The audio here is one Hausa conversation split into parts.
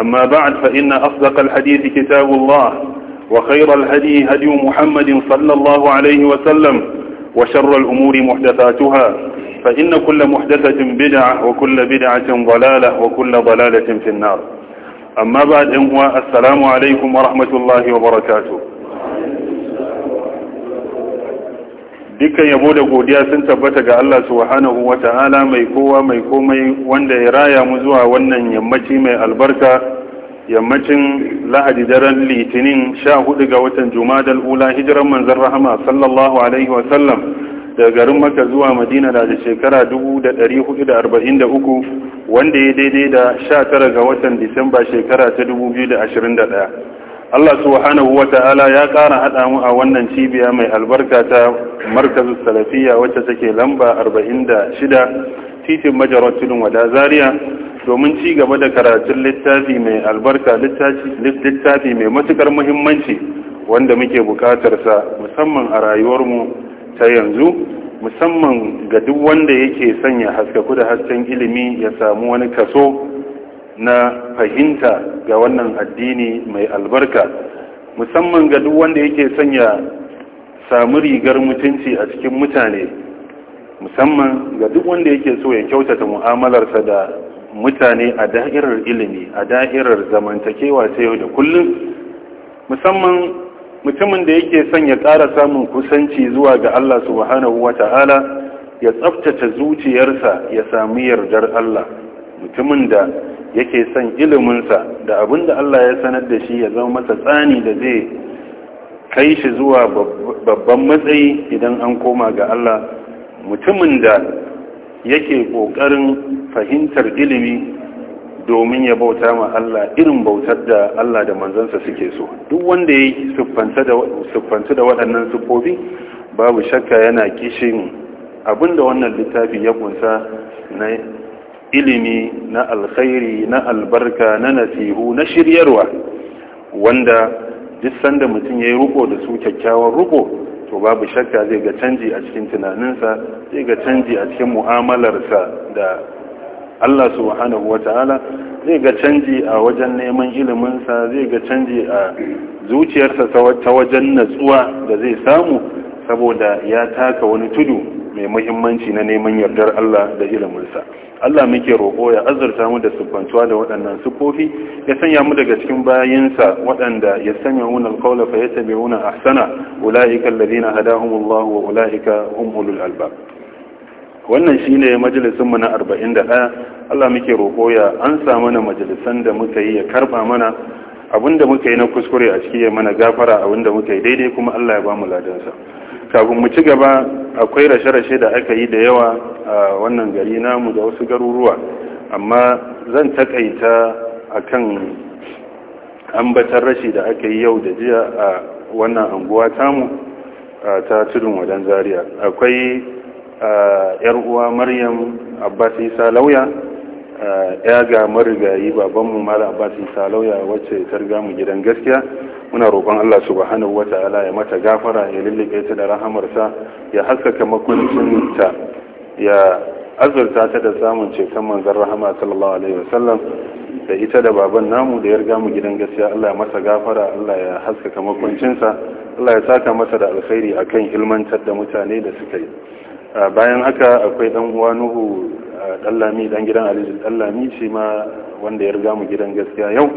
أما بعد فإن أصدق الحديث كتاب الله وخير الهدي هدي محمد صلى الله عليه وسلم وشر الأمور محدثاتها فإن كل محدثة بدعة وكل بدعة ضلالة وكل ضلالة في النار أما بعد إنه السلام عليكم ورحمة الله وبركاته dukkan yabo da godiya sun tabbata ga Allah subhanahu wa ta'ala mai kowa mai komai wanda ya raya mu zuwa wannan yammaci mai albarka yammacin lahadi daren litinin sha hudu ga watan jumadal ula hijiran manzan rahama sallallahu alaihi wa sallam da garin maka zuwa madina da da shekara 1443 wanda ya daidai da 19 ga watan disamba shekara ta 2021 Allah subhanahu wa ta'ala ya ƙara haɗa mu a wannan cibiya mai albarka ta markazu salafiya wacce take lamba 46 titin majarar wada zaria domin ci gaba da karatun littafi mai albarka littafi mai matukar muhimmanci wanda muke sa musamman a rayuwarmu ta yanzu musamman ga duk wanda yake sanya haskaku da hasken ilimi ya samu wani kaso na fahimta ga wannan addini mai albarka musamman ga duk wanda yake sanya samu rigar mutunci a cikin mutane musamman ga duk wanda yake so ya kyautata mu'amalarsa da mutane a da'irar ilimi a da'irar zamantakewa ta yau da kullum musamman mutumin da yake son ya ƙara samun kusanci zuwa ga Allah subhanahu wa ta'ala ya tsaftace zuciyarsa ya sami yardar Allah mutumin da yake son iliminsa da abin da Allah ya sanar da shi ya zama masa tsani da zai kai shi zuwa babban matsayi idan an koma ga Allah mutumin da yake ƙoƙarin fahimtar ilimi domin ya bauta ma Allah irin bautar da Allah da manzansa suke so duk wanda ya yi siffanta da waɗannan siffofi babu shakka yana kishin da wannan littafi ya kunsa na ilimi na alkhairi na albarka na nasihu na shiryarwa wanda duk sanda mutum ya yi ruko da su kyakkyawan ruko to babu shakka zai ga canji a cikin tunaninsa zai ga canji a cikin mu'amalarsa da Allah subhanahu ta'ala zai ga canji a wajen neman iliminsa zai ga canji a zuciyarsa ta wajen natsuwa da zai samu saboda ya taka wani tudu mai muhimmanci na neman yardar Allah da iliminsa Allah muke roƙo ya azurta mu da siffantuwa da waɗannan siffofi ya sanya mu daga cikin bayinsa waɗanda ya sanya wuna alƙawla fa yattabi'una ahsana ulaika alladhina hadahumullahu wa ulaika hum ulul albab wannan shine majalisin mu na 41 Allah muke roƙo ya ansa mana majalisan da muka yi ya karba mana abinda muka yi na kuskure a cikin mana gafara abinda muka yi daidai kuma Allah ya ba mu ladansa kafin mu ci gaba akwai rashe-rashe da aka yi da yawa a wannan gari namu da wasu garuruwa amma zan takaita akan ambatar rashi da aka yi yau da jiya a wannan anguwa tamu ta tudun wajen zaria akwai yar uwa maryam abbas isa lauya ya ga marigayi babanmu mara abbas isa lauya wacce ta riga mu gidan gaskiya muna roƙon Allah subhanahu wata'ala ya mata gafara ya lullube ta da rahamarsa ya haskaka makwancinta ya azurta ta da samun ceton manzan rahama sallallahu alaihi wasallam da ita da baban namu da ya riga mu gidan gaskiya Allah ya mata gafara Allah ya haskaka makwancinsa Allah ya saka masa da alkhairi akan ilmantar da mutane da suka yi bayan haka akwai dan uwa Nuhu dan Lami dan gidan Alhaji dan Lami shi ma wanda ya riga mu gidan gaskiya yau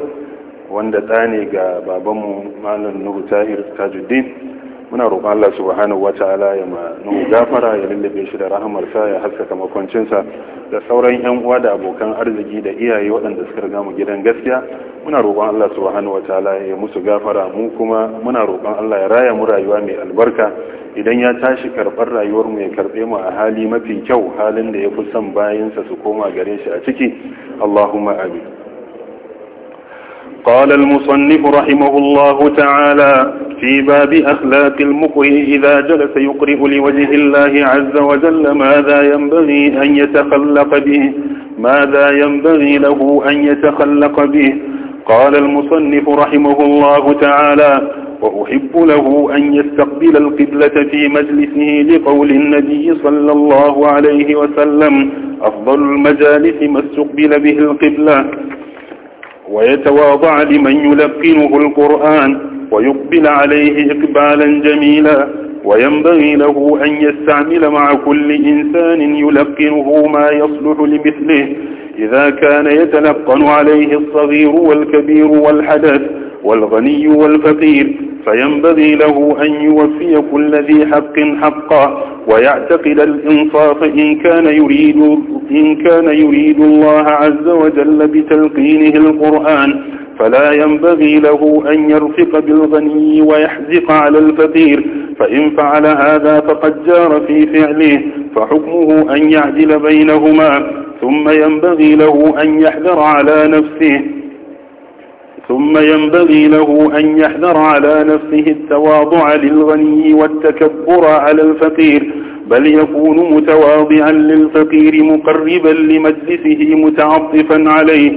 wanda ɗa ga babanmu malam nuhu tahir tajuddin muna roƙon Allah subhanahu wa ta'ala ya ma nuhu gafara ya lullube shi da rahamarsa ya haskaka makwancinsa da sauran yan uwa da abokan arziki da iyaye waɗanda suka riga mu gidan gaskiya muna roƙon Allah subhanahu wa ta'ala ya musu gafara mu kuma muna roƙon Allah ya raya mu rayuwa mai albarka idan ya tashi karɓar rayuwar mu ya karɓe mu a hali mafi kyau halin da ya fi son bayansa su koma gare shi a ciki Allahumma amin قال المصنف رحمه الله تعالى في باب أخلاق المقرئ إذا جلس يقرئ لوجه الله عز وجل ماذا ينبغي أن يتخلق به ماذا ينبغي له أن يتخلق به قال المصنف رحمه الله تعالى وأحب له أن يستقبل القبلة في مجلسه لقول النبي صلى الله عليه وسلم أفضل المجالس ما استقبل به القبلة ويتواضع لمن يلقنه القرآن ويقبل عليه إقبالا جميلا وينبغي له أن يستعمل مع كل إنسان يلقنه ما يصلح لمثله إذا كان يتلقن عليه الصغير والكبير والحدث والغني والفقير فينبغي له أن يوفي كل ذي حق حقا ويعتقد الإنصاف إن كان يريد, إن كان يريد الله عز وجل بتلقينه القرآن فلا ينبغي له أن يرفق بالغني ويحزق على الفقير فإن فعل هذا فقد جار في فعله فحكمه أن يعدل بينهما ثم ينبغي له أن يحذر على نفسه ثم ينبغي له أن يحذر على نفسه التواضع للغني والتكبر على الفقير بل يكون متواضعا للفقير مقربا لمجلسه متعطفا عليه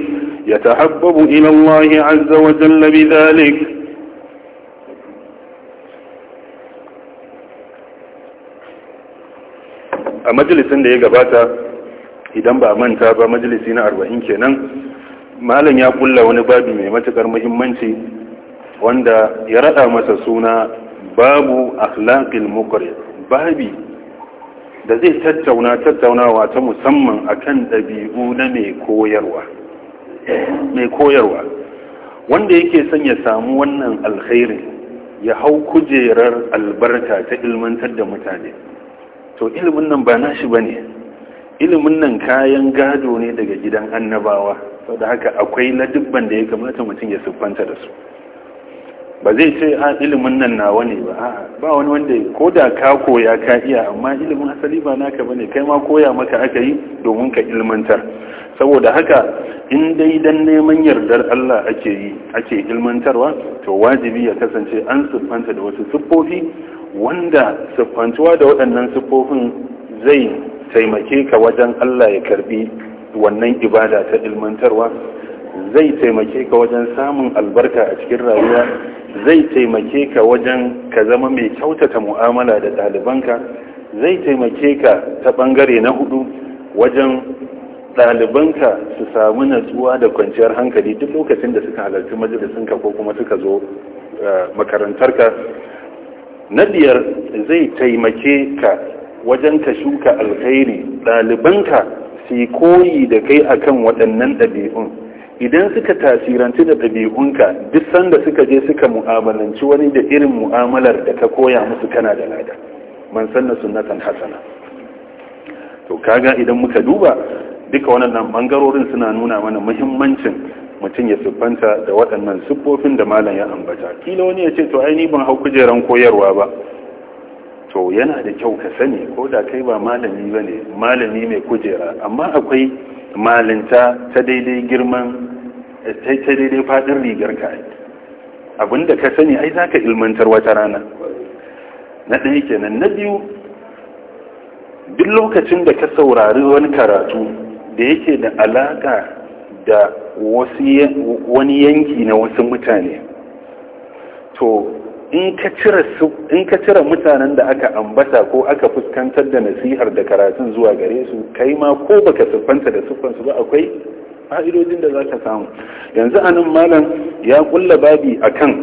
يتحبب إلى الله عز وجل بذلك مجلس majalisin da ya اذا idan ba manta ba 40 na malam ya kulla wani babi mai matukar muhimmanci wanda ya rada masa suna babu akhlaqil muqri babi da zai tattauna tattaunawa ta musamman akan dabi'u na mai koyarwa mai koyarwa wanda yake son ya samu wannan alkhairi ya hau kujerar albarka ta ilmantar da mutane to ilimin nan ba nashi bane ilimin nan kayan gado ne daga gidan annabawa sau da haka akwai na dubban da ya kamata mutum ya siffanta da su ba zai ce a ah, ilimin nan nawa ne ba ba wani wanda ko da ka koya ka iya amma ilimin asali ba naka bane kai ma koya maka aka yi domin ka ilmantar saboda haka in dai dan neman yardar Allah ake yi ake ilmantarwa to wajibi ya kasance an siffanta da wasu siffofi wanda siffantuwa da waɗannan siffofin zai taimake ka wajen Allah ya karbi wannan ibada ta ilmantarwa zai taimake ka wajen samun albarka a cikin rayuwa zai taimake ka wajen ka zama mai kyautata mu'amala da ɗalibanka zai taimake ka ta ɓangare na hudu wajen ɗalibanka su samu natsuwa da kwanciyar hankali duk lokacin da suka halarci majalisinka ko kuma suka zo eh, makarantarka na biyar zai taimake ka wajen ka shuka alkhairi ɗalibanka su koyi da kai a kan waɗannan ɗabi'un idan suka tasiranci da ɗabi'unka duk sanda suka je suka mu'amalanci wani da irin mu'amalar da ka koya musu kana da lada man sanna sunnatan hasana to kaga idan muka duba duka waɗannan bangarorin suna nuna mana muhimmancin mutum ya siffanta da waɗannan siffofin da malam ya ambata kila wani ya ce to ai ni ban hau kujeran koyarwa ba to yana da kyau ka sani ko da kai ba malami ba ne malami mai kujera amma akwai malinta ta daidai girman ta daidai faɗin rigar ka abinda ka sani ai za ka ilmantar wata rana na ɗaya kenan na biyu duk lokacin da ka saurari wani karatu da yake da alaƙa da wani yanki na wasu mutane to in ka cire mutanen da aka ambata ko aka fuskantar da nasihar da karatun zuwa gare su kai ma ko baka siffanta da siffansu ba akwai fa'idojin da za ka samu yanzu anan malam ya kulla babi a kan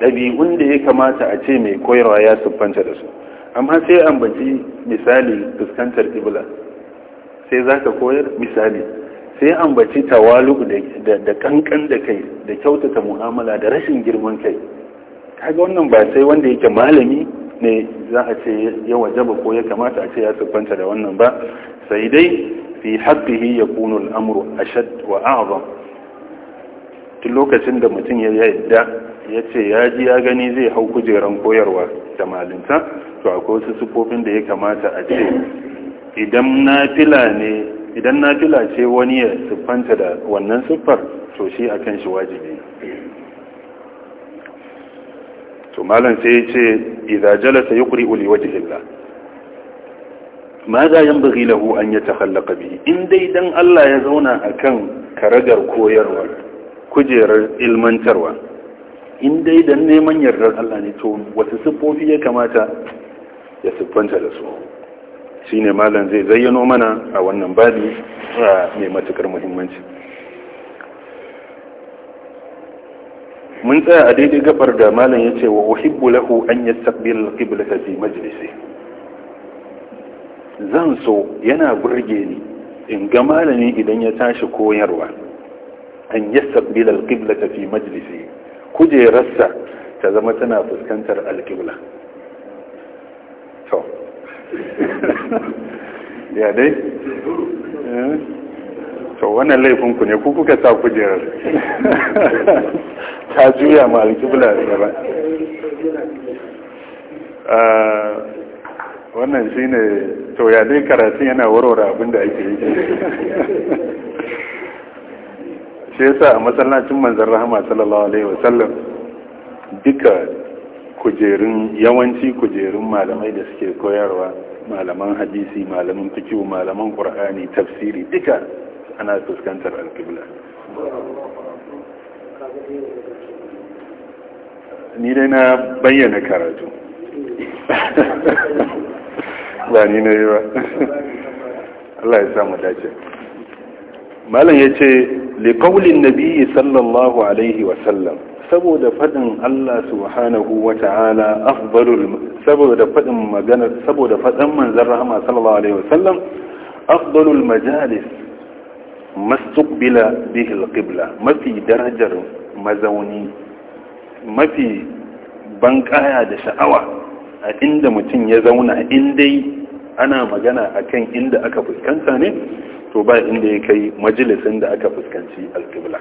ɗabi'un da ya kamata a ce mai koyarwa ya siffanta da su amma sai ambaci misali fuskantar ibla sai za ka koyar misali sai ambaci tawalu da kankan da kai da kyautata mu'amala da rashin girman kai kaga wannan ba sai wanda yake malami ne za a ce ya wajaba ko ya kamata a ce ya siffanta da wannan ba sai dai fi haqqihi yakunu al-amru ashad wa a'zam tun lokacin da mutum ya yadda ya ce ya ji ya gani zai hau kujeran koyarwa da malinta to akwai wasu sufofin da ya kamata a ce idan nafila ne idan nafila ce wani ya siffanta da wannan siffar to shi akan shi wajibi to malam sai ya ce idza jalasa yuqri'u li wajhillah ma za yanbaghi lahu an yatakhallaqa bihi in dai dan Allah ya zauna a kan karagar koyarwa kujerar ilmantarwa in dai dan neman yardar Allah ne to wasu siffofi ya kamata ya siffanta da su shine malam zai zayyano mana a wannan babi mai matukar muhimmanci mun tsaya a daidai gabar da malam ya ce wa uhibbu lahu an yastaqbil ta fi majlisi zan so yana burge ni in ga malami idan ya tashi koyarwa an yastaqbil ta fi majlisi kujerarsa ta zama tana fuskantar alkibla to ya dai eh? to wannan laifin ku ne ku kuka sa kujerar ta juya ma alkibla da ba ah, wannan shi ne to ya dai karatu yana warware abinda da ake yi shi yasa a matsalacin manzan rahama sallallahu alaihi wasallam duka kujerun yawanci kujerun malamai da suke koyarwa malaman hadisi malaman fikiyu malaman qur'ani tafsiri duka ana fuskantar alƙibla ni dai na bayyana karatu ba ni na yi ba Allah ya samu dace malam ya ce liƙaulin nabi sallallahu alaihi wasallam saboda faɗin Allah subhanahu wa ta'ala afdalul saboda faɗin magana saboda faɗin manzon rahama sallallahu alaihi wasallam afdalul majalis mastuqbila bihi alqibla mafi darajar mazauni mafi bankaya da sha'awa a inda mutum ya zauna in dai ana magana akan inda aka fuskanta ne to ba inda ya kai majalisin da aka fuskanci alqibla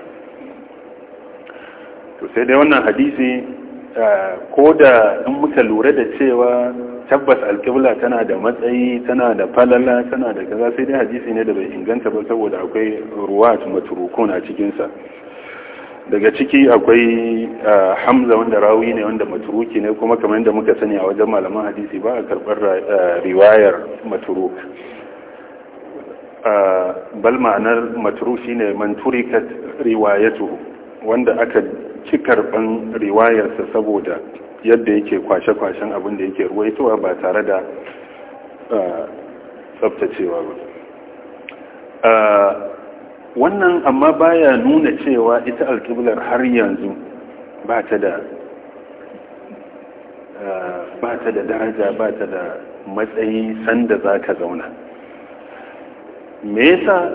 to sai dai wannan hadisi eh, ko da in muka lura da cewa tabbas alƙibla tana da matsayi tana da falala tana da kaza sai dai hadisi ne da bai inganta ba saboda akwai ruwat matrukun a cikinsa daga ciki akwai hamza wanda rawi ne wanda maturuki ne kuma kamar yadda muka sani a wajen malaman hadisi ba a karɓar riwayar maturuk bal ma'anar maturuk shine manturikat riwayatu wanda aka ci karban riwayarsa saboda yadda yake kwashe-kwashen abin da yake ruwaitowa ba tare da uh, tsabtacewa ba uh, wannan amma baya nuna cewa ita alkiblar har yanzu ba ta da uh, ba ta da daraja ba ta da matsayi sanda za ka zauna me yasa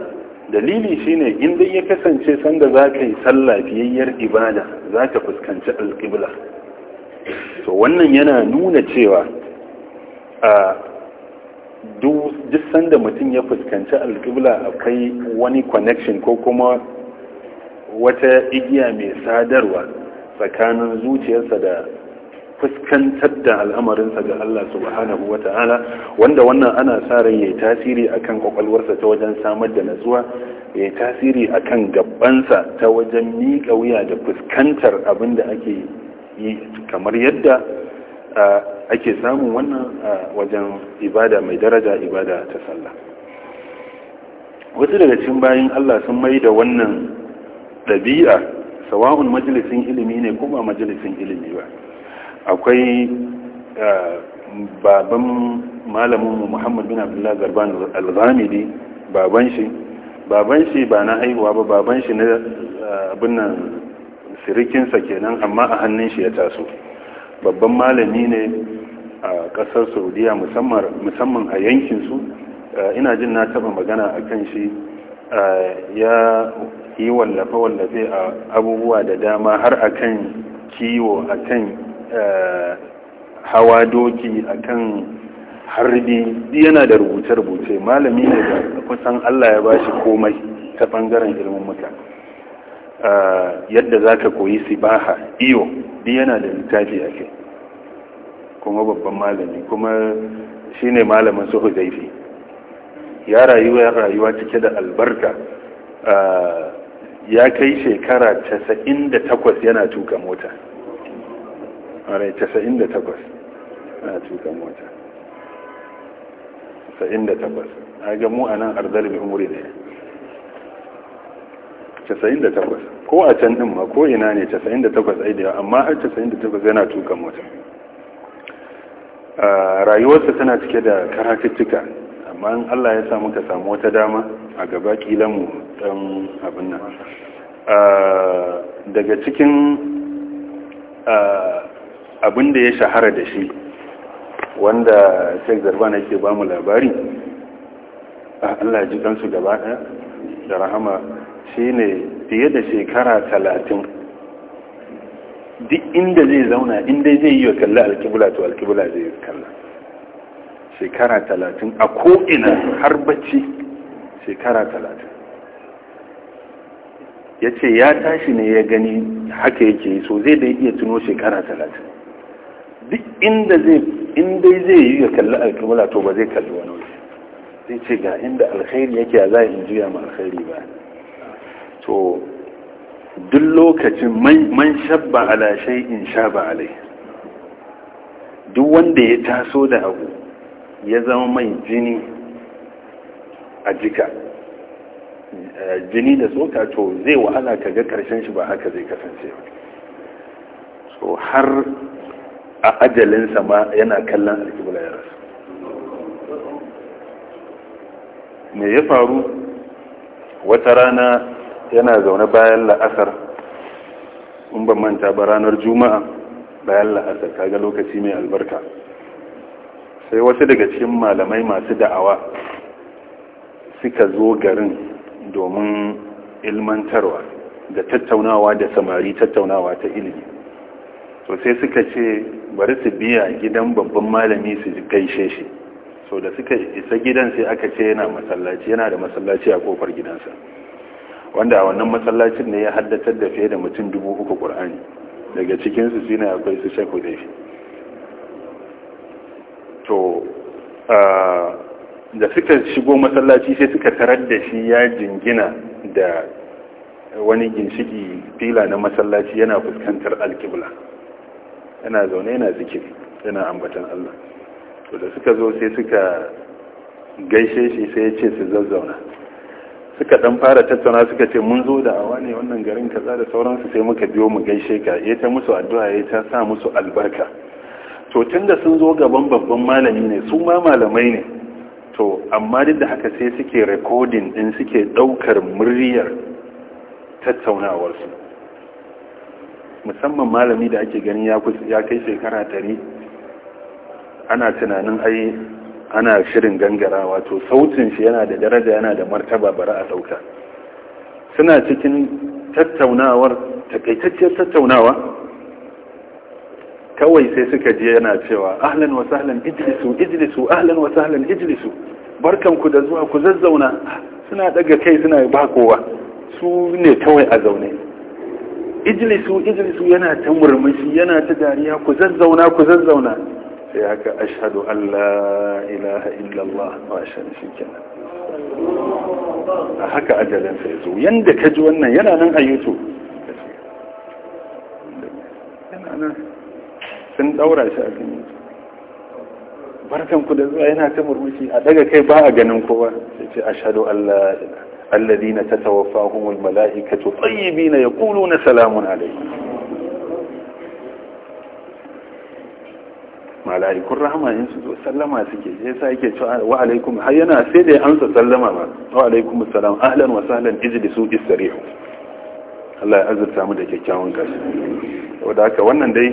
dalili shine in dai ya kasance sanda za ka yi sallafiyayyar ibada za ka fuskanci alƙiblar to wannan yana nuna cewa a duk sanda mutum ya fuskanci alƙibla akwai wani connection ko kuma wata igiya mai sadarwa tsakanin zuciyarsa da fuskantar da al'amarinsa ga Allah subhanahu wa ta'ala wanda wannan ana sa ran yayi tasiri akan kwakwalwarsa ta wajen samar da natsuwa yayi tasiri akan gabbansa ta wajen miƙa wuya da fuskantar abin da ake yi kamar yadda ake samun wannan wajen ibada mai daraja ibada ta sallah wasu daga cikin bayan Allah sun mai da wannan dabi'a sawa'un majalisin ilimi ne kuma majalisin ilimi ba akwai baban malaminmu muhammad bin abdullahi zarban al-ghamidi baban shi baban shi ba na haihuwa ba baban shi na abin nan sirikinsa kenan amma a hannun shi ya taso babban malami ne a kasar saudiya musamman a yankinsu ina jin na taba magana a kan shi ya yi wallafe-wallafe a abubuwa da dama har a kan kiwo a kan hawa doki a kan harbi yana da rubuce-rubuce malami ne da kusan allah ya ba shi komai ta ɓangaren ilimin mutane Eh, yadda za ka koyi sibaha iyo duk yana da littafi a kai kuma babban malami kuma shi ne malamin su huzaifi ya rayuwa ya rayuwa cike da albarka eh, ya kai shekara 98 yana tuka mota a ga mu a nan arzar mai umuri ne 98 ko a can din ma ko ina ne 98 ai da amma har 98 yana tuka mota ah, rayuwarsa tana cike da karatuttuka amma in Allah ya samu ka samu wata dama a gaba kilanmu mu dan abin nan ah, daga cikin ah, abin da ya shahara da shi wanda Sheikh Zarban yake ba mu labari Allah ya ji kansu gaba da rahama shine fiye da shekara talatin duk inda zai zauna inda zai yi wa kalla alkibula to alkibula zai yi kalla shekara talatin a ko'ina har bacci shekara talatin ya ce ya tashi ne ya gani haka yake so zai da iya tuno shekara talatin duk inda zai inda zai yi wa kalli alkibula to ba zai kalli wani waje zai ce ga inda alkhairi yake a za a juya ma alkhairi ba to duk lokacin man shabba ala shay'in shaba alai duk wanda ya taso da abu ya zama mai jini a jika jini da tsoka to zai wahala ka ga karshen shi ba haka zai kasance ba so har a ajalinsa ma yana kallon alkibula ya rasu me ya faru wata rana yana zaune bayan la'asar in ban manta ba ranar juma'a bayan la'asar kaga lokaci mai albarka sai wasu daga cikin malamai masu da'awa suka zo garin domin ilmantarwa da tattaunawa da samari tattaunawa ta ilimi to sai suka ce bari su biya gidan babban malami su gaishe shi so da suka isa gidan sai aka ce yana masallaci yana da masallaci a kofar gidansa wanda a wannan masallacin ne ya haddatar da fiye da mutum dubu uku ƙur'ani daga cikinsu shine akwai su shekhu da shi to da suka shigo masallaci sai suka tarar da shi ya jingina da wani ginshiki fila na masallaci yana fuskantar alkibla yana zaune yana zikir yana ambatan Allah to da suka zo sai suka gaishe shi sai ya ce su zazzauna suka dan fara tattauna suka ce mun zo da awa ne wannan garin kaza da sauransu sai muka biyo mu gaishe ka ya ta musu addu'a ya ta sa musu albarka to tunda sun zo gaban babban malami ne su ma malamai ne to amma duk da haka sai suke recording din suke daukar muryar tattaunawar su musamman malami da ake ganin ya kai shekara 100 ana tunanin ai ana shirin gangara wato sautin shi yana da daraja yana da martaba bara a ɗauka suna cikin tattaunawar takaitacciyar tattaunawa kawai sai suka je yana cewa ahlan wa sahlan ijlisu ijlisu ahlan wa sahlan ijlisu barkanku da zuwa ku zazzauna suna daga kai suna ba kowa su ne kawai a zaune ijlisu ijlisu yana ta murmushi yana ta dariya ku zazzauna ku zazzauna sai haka Allah ila la ilaha illallah shan shi shikenan a haka ajalin sai zo yadda ka ji wannan yana nan a youtube yana nan sun daura shi a kan barkanku da zuwa yana ta murmushi a daga kai ba a ganin kowa sai ce ashadu Allah la ilaha alladhina tatawaffahumul malaikatu tayyibina yaquluna salamun alaykum mala'ikun rahama in su zo sallama suke sai sa yake cewa wa alaikum har yana sai da ya amsa sallama ba wa alaikum assalam ahlan wa sahlan ijlisu istarihu Allah ya azurta mu da kyakkyawan kashi saboda haka wannan dai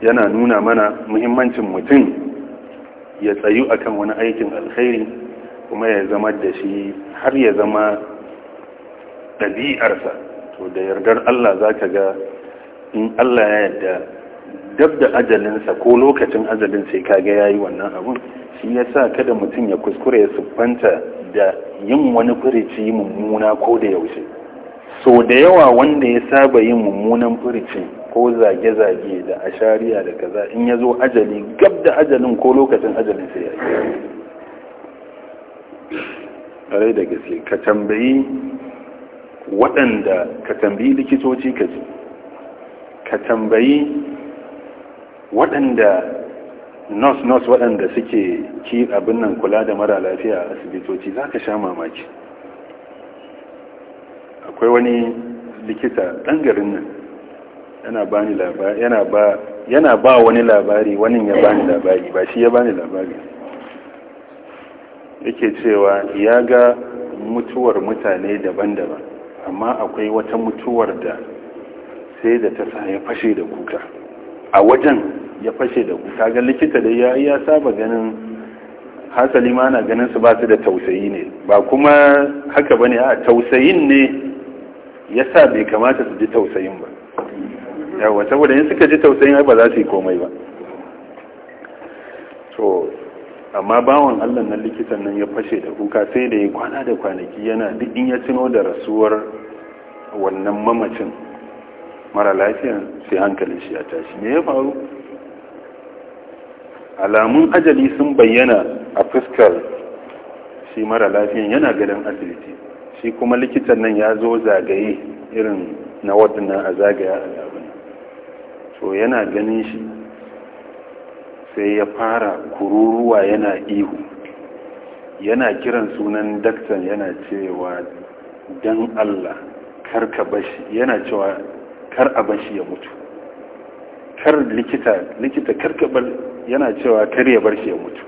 yana nuna mana muhimmancin mutum ya tsayu akan wani aikin alkhairi kuma ya zama da shi har ya zama ɗabi'arsa to da yardar Allah za ka ga in Allah ya yarda dab da ajalinsa ko lokacin ajalin sai ka ga yayi wannan abun shi yasa kada mutum ya kuskure ya sufanta da yin wani furici mummuna ko da yaushe so da yawa wanda ya saba yin mummunan furici ko zage-zage da ashariya da kaza in ya zo ajali gab da ajalin ko lokacin ajalin sai yi. ƙarai da gaske ka tambayi waɗanda ka tambayi likitoci ka ce ka tambayi waɗanda nurse-nurse waɗanda suke ki abin nan kula da mara lafiya a asibitoci za ka sha mamaki akwai wani likita ɗan garin nan yana ba ni labari yana ba wani labari wani ya ba ni labari ba shi ya ba ni labari yake cewa ya ga mutuwar mutane daban-daban amma akwai wata mutuwar da sai da ta ya fashe da kuka a wajen ya fashe da kuka ga likita da ya ya saba ganin hasali ma na ganin su ba su da tausayi ne ba kuma haka bane a tausayin ne ya sa bai kamata su ji tausayin ba yawa saboda yin suka ji tausayin ai ba za su yi komai ba to amma bawan allah na likitan nan ya fashe da kuka sai da ya kwana da kwanaki yana duk in ya tuno da rasuwar wannan mamacin mara lafiyan sai hankalin shi ya tashi ne ya faru alamun ajali sun bayyana a fuskar shi mara lafiyan yana gadon asibiti shi kuma likitan nan ya zo zagaye irin na waɗannan a zagaya a labin so yana ganin shi sai ya fara kururuwa yana ihu yana kiran sunan daktan yana cewa don allah karka bashi yana cewa kar a bar shi ya mutu kar likita likita karkabar yana cewa kar ya bar shi ya mutu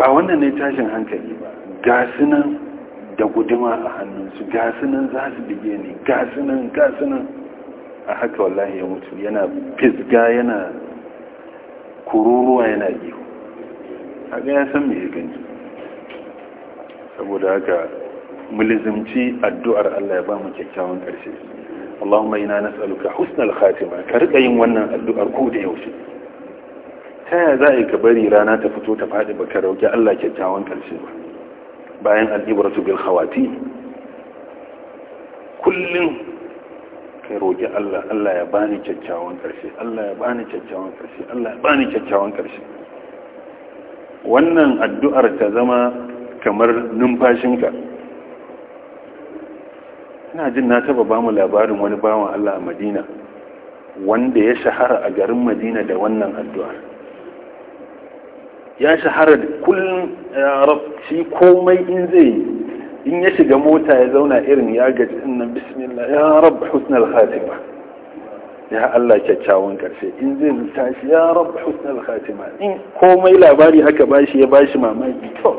ba wannan ne tashin hankali ba gasunan da guduma a hannunsu gasunan za su bige ne gasunan gasunan a haka wallahi ya mutu yana fisga yana kururuwa yana ihu haka ya san me ya gani saboda haka mulzumci addu'ar Allah ya ba mu kyakkyawan karshe Allahumma ina nas'aluka husnal khatima ka riƙa yin wannan addu'ar ko da yaushe ta yaya za a ka bari rana ta fito ta faɗi ba ka rauki Allah kyakkyawan ƙarshe ba bayan al'ibar al'ibratu bil khawati kullum ka roƙi Allah Allah ya bani kyakkyawan ƙarshe Allah ya bani kyakkyawan ƙarshe Allah ya bani kyakkyawan ƙarshe wannan addu'ar ta zama kamar numfashinka ina jin na taba ba mu labarin wani bawan Allah a Madina wanda ya shahara a garin Madina da wannan addu'a ya shahara da kullum shi komai in zai in ya shiga mota ya zauna irin ya gaji inna bismillah ya rab husnal khatima ya Allah kyakkyawan karshe in zai tashi ya rab husnal khatima in komai labari haka bashi ya bashi mamaki to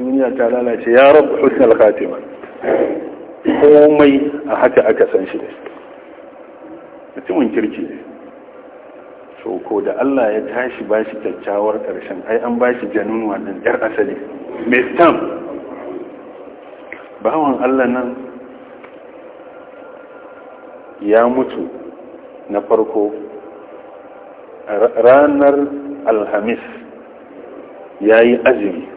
duniya ta lalace ya rab husnal khatima komai a haka aka san shi da mutumin kirki ne so ko da Allah ya tashi ba shi kyakkyawar ƙarshen ai an ba shi janun wannan yar asali mai stamp bawan Allah nan ya mutu na farko ranar alhamis ya yi azumi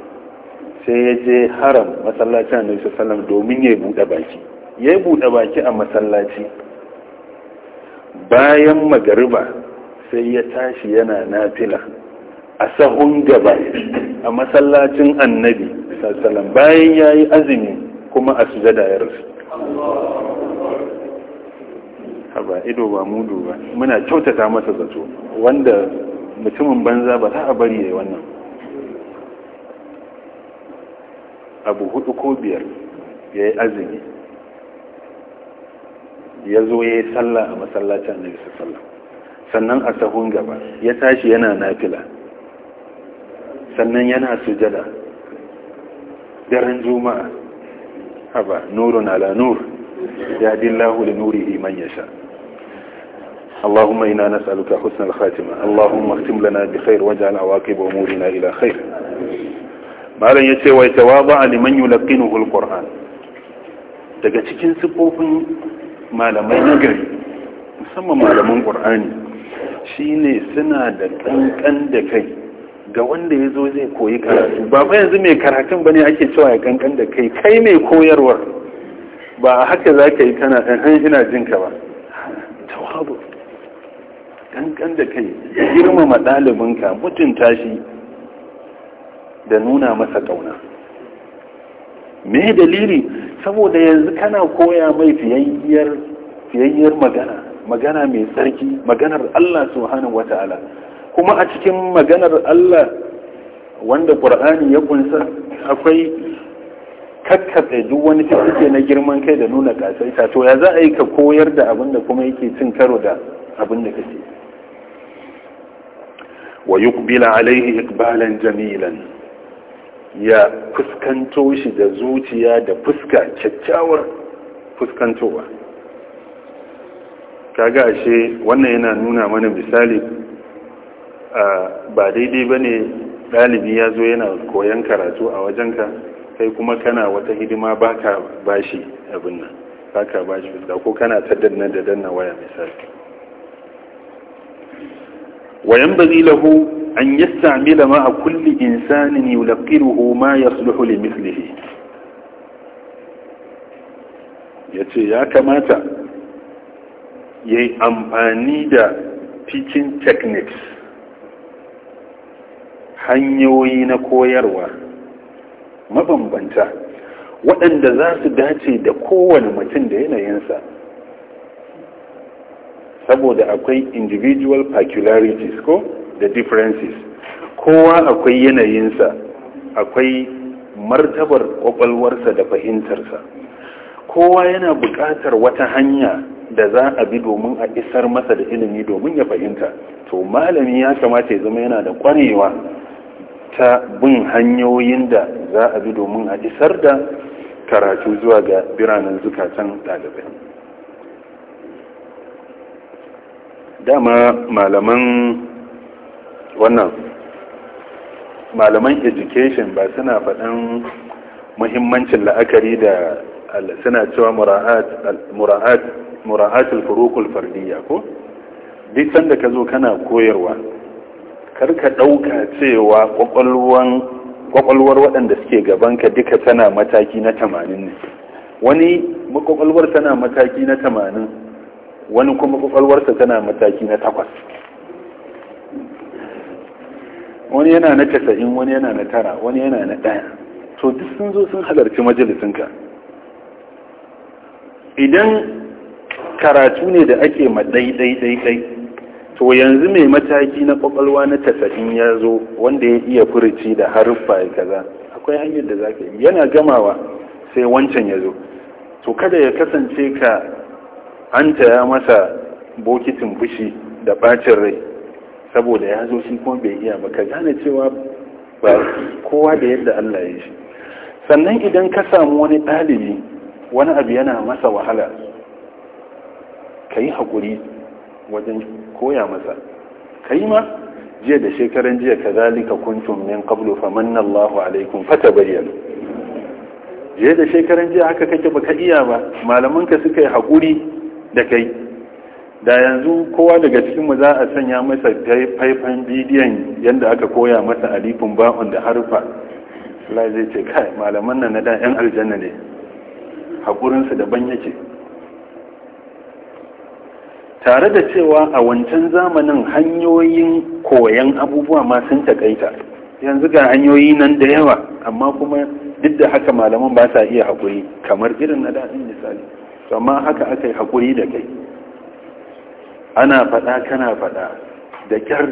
sai ya je haram masallacin annabi sallallahu domin ya buɗe baki ya buɗe baki a masallaci bayan magariba sai ya tashi yana nafila a sahun gaba a masallacin annabi sallallahu bayan ya yi azumi kuma a sujada ya rasu haba ido ba mudu ba muna kyautata masa zato wanda mutumin banza ba za a bari ya yi wannan abu hudu ko biyar ya yi azumi ya zo ya yi sallah a masallacin annabi sallah sannan a sahun gaba ya tashi yana nafila sannan yana sujada daren juma'a haba nurun ala nur ya dillahu li nurihi man yasha اللهم إنا نسألك حسن الخاتمة اللهم اختم لنا بخير واجعل عواقب أمورنا إلى خير malam ya ce wai tawaba a liman yulaqinuhu alquran daga cikin sifofin malamai na gari musamman malaman qur'ani shine suna da kankan da kai ga wanda ya zo zai koyi karatu ba ba yanzu mai karatun bane ake cewa ya kankan da kai kai mai koyarwar ba haka za ka yi kana ɗan eh, ina jinka ba tawaba kankan da kai girmama ɗalibinka mutunta shi da nuna masa ƙauna me dalili saboda yanzu kana koya mai fiyayyar magana magana mai tsarki maganar Allah subhanahu wata'ala kuma a cikin maganar Allah wanda ƙur'ani ya kunsa akwai kakkaɓe duk wani fiye na girman kai da nuna ta to ya za a yi ka koyar da abin da kuma yake cin karo da abin da kake wa yuqbila alaihi iqbalan jamilan ya fuskanto shi da zuciya da fuska kyakkyawar fuskantowa kaga ashe wannan yana nuna mana misali ba daidai ba ne ɗalibi ya zo yana koyon karatu a wajenka kai kuma kana wata hidima ba ka bashi abin nan ba bashi fuska ko kana ta danna da danna waya misali وينبغي له أن يستعمل مع كل إنسان يلقنه ما يصلح لمثله yace ya kamata ya yi amfani da teaching techniques hanyoyi na koyarwa mabambanta waɗanda za su dace da kowane mutum da yanayinsa saboda akwai individual peculiarities ko the differences kowa akwai yanayinsa akwai martabar kwakwalwarsa da fahimtarsa kowa yana buƙatar wata hanya da za a bi domin a isar masa da ilimi domin ya fahimta to malami ya kamata ya zama yana da ƙwarewa ta bin hanyoyin da za a bi domin a isar da karatu zuwa ga biranen zukatan ɗalibai dama malaman wannan malaman education ba suna faɗan muhimmancin la'akari da suna cewa mura'at al furukul fardiyya ko duk sanda ka zo kana koyarwa kar ka ɗauka cewa kwakwalwar waɗanda suke gabanka duka tana mataki na tamanin ne wani kwakwalwar tana mataki na tamanin wani kuma kwakwalwarsa tana mataki na takwas wani yana na casa'in wani yana na tara wani yana na ɗaya to duk sun zo sun halarci majalisinka idan karatu ne da ake ma ɗai to yanzu mai mataki na kwakwalwa na kasa'in ya zo wanda ya iya furici da haruffa ya kaza akwai hanyar da za ka yi yana gamawa sai wancan ya zo to kada ya kasance ka an taya masa bokitin fushi da bacin rai saboda ya zo shi kuma bai iya ba ka gane cewa ba kowa da yadda Allah ya shi sannan idan ka samu wani ɗalibi wani abu yana masa wahala ka yi haƙuri wajen koya masa ka yi ma jiya da shekaran jiya ka zalika kuntum min qablu fa manna Allahu alaikum fatabayyanu jiya da shekaran jiya haka kake baka iya ba malaman ka suka yi haƙuri da kai da yanzu kowa daga cikinmu za a sanya masa faifan bidiyon yadda aka koya masa alifin ba'un da harfa Allah zai ce kai malaman nan na da 'yan aljanna ne haƙurinsu daban yake tare da cewa a wancan zamanin hanyoyin koyan abubuwa ma sun takaita yanzu ga hanyoyi nan da yawa amma kuma duk da haka malaman ba sa iya haƙuri kamar irin na daɗin misali amma haka aka yi hakuri da kai ana faɗa kana faɗa da kyar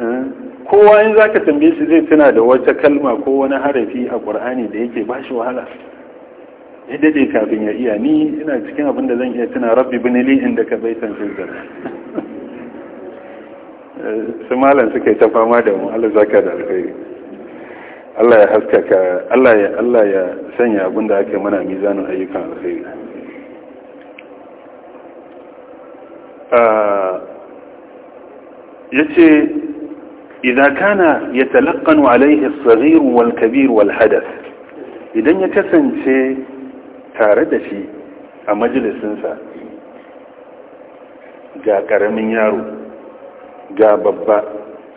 eh? kowa in za ka tambaye shi zai tuna da wata kalma ko wani harafi a ƙwar'ani da yake ba shi wahala ya daɗe kafin ya iya ni ina cikin abinda zan iya tuna rabbi bin li inda ka baitan fi zara eh, su malam suka yi ta fama da mu Allah zaka da alkhairi Allah ya haskaka Allah ya Allah ya sanya abinda ake mana mizanin ayyukan alkhairi ah, yace idza kana yatalaqqanu alayhi as-saghir wal-kabir wal-hadath idan ya kasance tare da shi a majalisinsa ga karamin yaro ga babba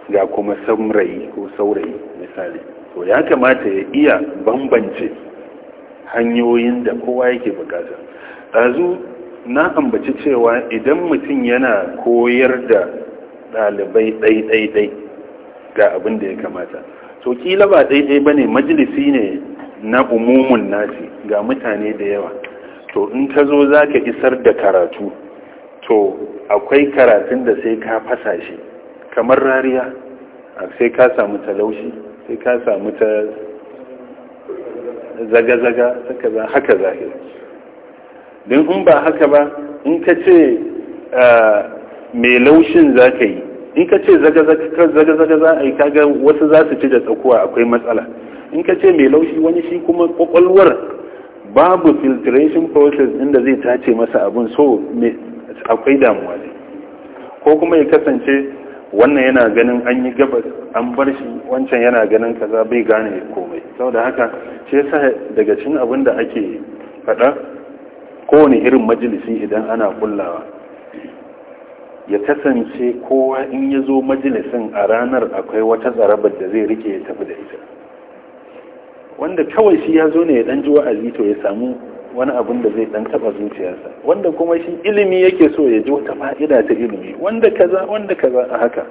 ga kuma samrayi ko saurayi misali to ya kamata ya iya bambance hanyoyin da kowa yake bukata ɗazu na ambaci cewa idan mutum yana koyar da ɗalibai ɗaiɗaiɗai ga abin da ya kamata to kila ba ɗaiɗai ba ne majalisi ne na umumin nasi ga mutane da yawa to in ka zo za ka isar da karatu to akwai karatun da sai ka fasa shi kamar rariya sai ka samu talaushi sai ka samu ta zaga-zaga haka zahiri don in ba haka ba in ka ce mai laushin za ka yi in ka ce zaga-zaga za a yi kaga wasu za su ci da tsakuwa akwai matsala in ka ce mai laushi wani shi kuma kwakwalwar babu filtration process inda zai tace masa abin so akwai damuwa ne ko kuma ya kasance wannan yana ganin an yi gabar an bar shi wancan yana ganin kaza bai gane komai saboda haka ce sa daga cin abin da ake faɗa kowane irin majalisi idan ana kullawa ya kasance kowa in ya zo majalisin a ranar akwai wata zarabar da zai rike ya tafi da ita wanda kawai shi ya zo ne ya ɗan ji wa'azi to ya samu wani abin da zai dan taba zuciyarsa wanda kuma shi ilimi yake so ya ji wata fa'ida ta ilimi wanda kaza wanda kaza a haka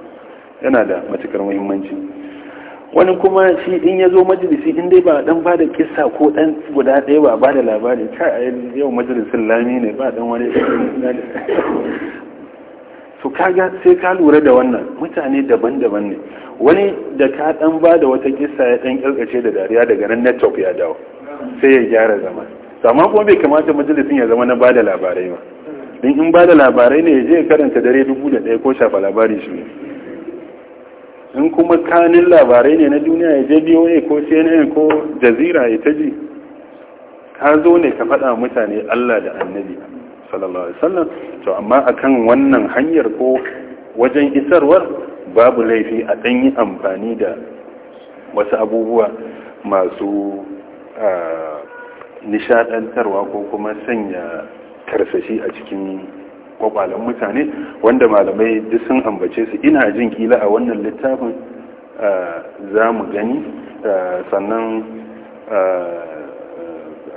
yana da matukar muhimmanci wani kuma shi in ya zo majalisi in dai ba dan ba da kisa ko dan guda ɗaya ba ba da labari ta a yau majalisin lami ne ba dan wani su kaga sai ka lura da wannan mutane daban-daban ne wani da ka dan bada wata kisa ya dan kirkace da dariya daga nan network ya dawo sai ya gyara zama amma kuma bai kamata majalisin ya zama na ba da labarai ba in in ba da labarai ne ya je karanta dare dubu da ɗaya ko shafa labari shi ne in kuma kanin labarai ne na duniya ya je biyo ne ko cnn ko jazira ya ta ji ka zo ne ka faɗa mutane allah da annabi sallallahu alaihi wasallam to amma akan wannan hanyar ko wajen isarwar babu laifi a ɗan yi amfani da wasu abubuwa masu ah, nishadantarwa ko kuma sanya karsashi a cikin kwakwalen mutane wanda malamai duk sun ambace su ina jin kila a wannan littafin za mu gani sannan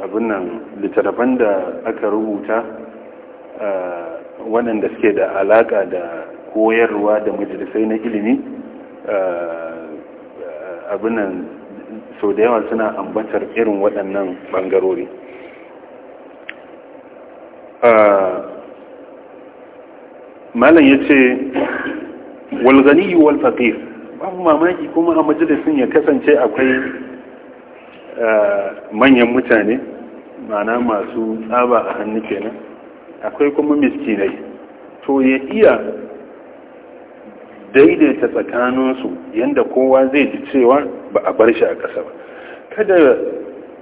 abin nan littattafan da aka rubuta waɗanda suke da alaƙa da koyarwa da majalisai na ilimi abin nan so da yawa suna ambatar irin waɗannan ɓangarori malam ya ce walgani yi walfaƙir babu mamaki kuma a majalisun ya kasance akwai manyan mutane mana masu tsaba a hannu kenan akwai kuma miskinai to ya iya daidaita tsakaninsu yadda kowa zai ji cewa ba a bar shi a ƙasa ba kada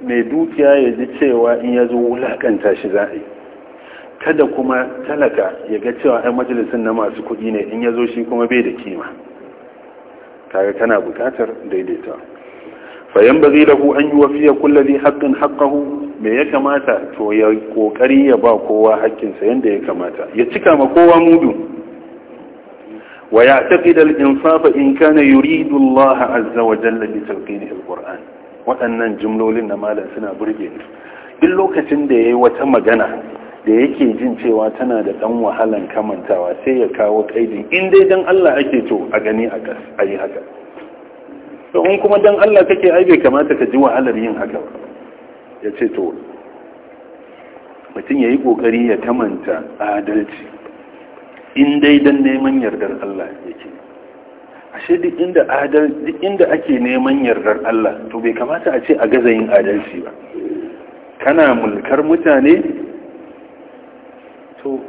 mai dukiya ya ji cewa in ya zo wulaƙanta shi za a yi kada kuma talaka ya ga cewa ai majalisun na masu kuɗi ne in ya zo shi kuma bai da kima kaga kana buƙatar daidaita fayan ba zai lahu an yi wafiya kullabi haƙƙin haƙƙahu me ya kamata to ya ƙoƙari ya ba kowa haƙƙinsa yadda ya kamata ya cika ma kowa mudu ويعتقد الإنصاف إن كان يريد الله عز وجل بتلقينه القرآن waɗannan jimlolin na malam suna burge ni duk lokacin da ya yi wata magana da yake jin cewa tana da ɗan wahalan kamantawa sai ya kawo ƙaidin in dai don Allah ake to a gani a yi haka to in kuma don Allah kake ai bai kamata ka ji wahalar yin haka ba ya ce to mutum ya yi ƙoƙari ya kamanta adalci in dai dan neman yardar Allah yake ashe duk inda adal duk inda ake neman yardar Allah to bai kamata a ce a gaza yin adalci ba kana mulkar mutane to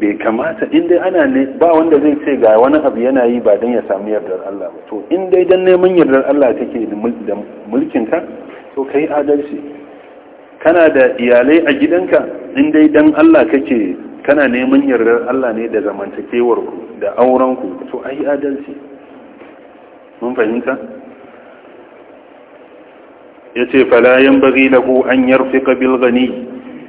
bai kamata in dai ana ne ba wanda zai ce ga wani abu yana yi ba don ya samu yardar Allah ba to in dai dan neman yardar Allah take da mulkinka to kai adalci kana da iyalai a gidanka in dai dan Allah kake kana neman yardar Allah ne da zamantakewarku da aurenku to ai adalci mun fahimta yace fala yanbaghi lahu an yarfiqa bil ghani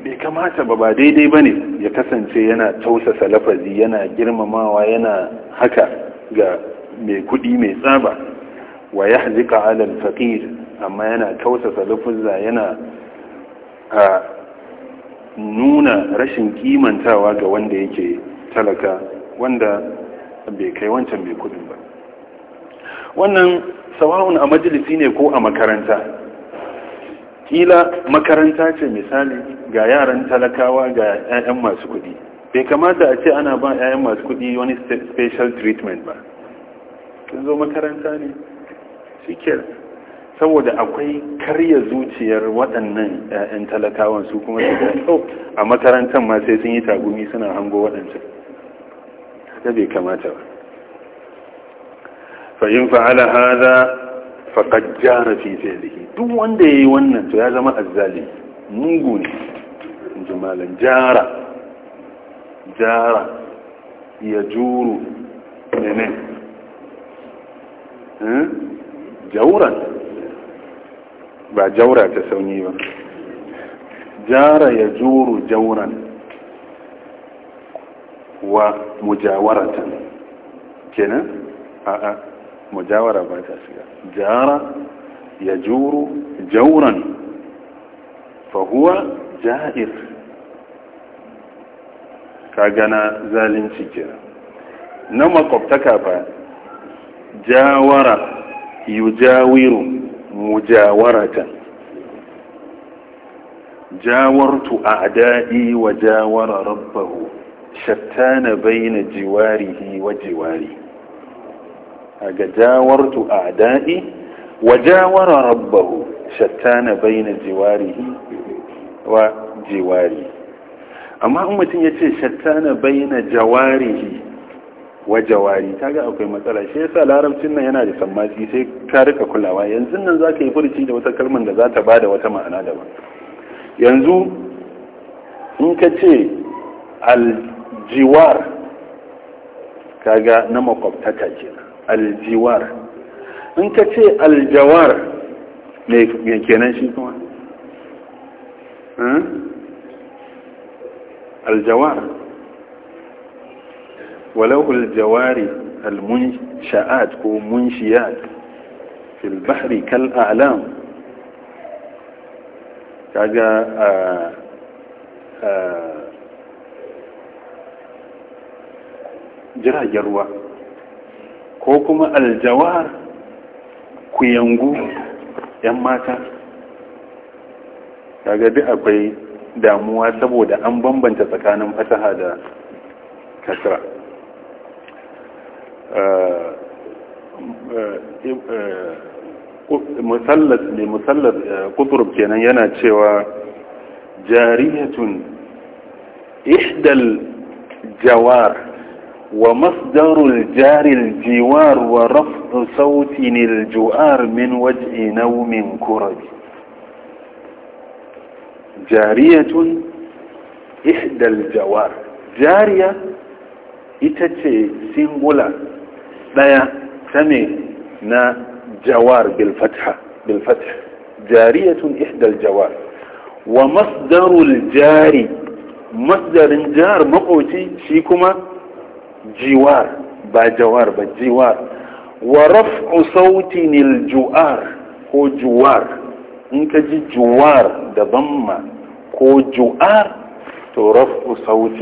bai kamata ba ba daidai bane ya kasance yana tausasa lafazi yana girmamawa yana haka ga mai kudi mai tsaba wa yahzika ala al faqir amma yana tausasa lafuzza yana a. nuna rashin kimantawa ga wanda yake talaka wanda bai kai wancan mai kudin ba wannan sawa'un a majalisi ne ko a makaranta kila makaranta ce misali ga yaran talakawa ga 'ya'yan masu kudi bai kamata a ce ana ba 'ya'yan masu kudi wani special treatment ba kin zo makaranta ne shi saboda akwai karya zuciyar waɗannan 'ya'yan eh, talakawan su kuma su da kyau, oh, a makarantar ma sai sun yi tagumi suna hango waɗancan haka bai kamata ba fahim fa'ala haza faƙad jara fi duk wanda ya yi wannan to ya zama azzali mungu ne jimalan jara jara ya juru ne ne hmm? jauran ba jaura ta sauni ba jara ya juru jauran wa mujawaratan kenan a'a mujawara ba ta shiga jara ya juru jauran fahuwa ja'ir ka gana zalunci kenan na makwabtaka ba jawara yujawiru mujawaratan jawartu a a'da'i wa jawara rabbahu shattana baina jiwarihi wa jiwari aga jawartu a a'da'i wa jawara rabbahu shattana baina jiwarihi wa jiwari amma in mutum ya ce shattana baina jawarihi wa jawari ta ga akwai matsala shi yasa larabcin nan yana da sammatsi sai ka rika kulawa yanzu nan za ka yi furici da wata kalmar da za ta ba da wata ma'ana daban yanzu in ka ce aljiwar kaga na makwabtaka ke aljiwar in ka ce aljawar ne kenan shi kuma hmm? aljawar walau aljawari almunsha'at ko munshiyat في البحر كالأعلام كاجا jiragen ruwa ko kuma aljawar يماتا 'yan mata kaga duk akwai damuwa saboda an bambanta tsakanin fasaha da kasra musallas ne musallas kuturub eh, kenan yana cewa jariyatun ihdal jawar wa masdarul jaril jiwar wa raf'u sautin aljuar min waj'i naumin kurai jariyatun ihdal jawar jariya ita ce singular daya ta na جوار بالفتحة بالفتح جارية إحدى الجوار ومصدر الجاري مصدر جار مقوتي شيكما جوار با جوار با جوار ورفع صوت الجوار هو جوار انك جي جوار دضم هو جوار ترفع صوت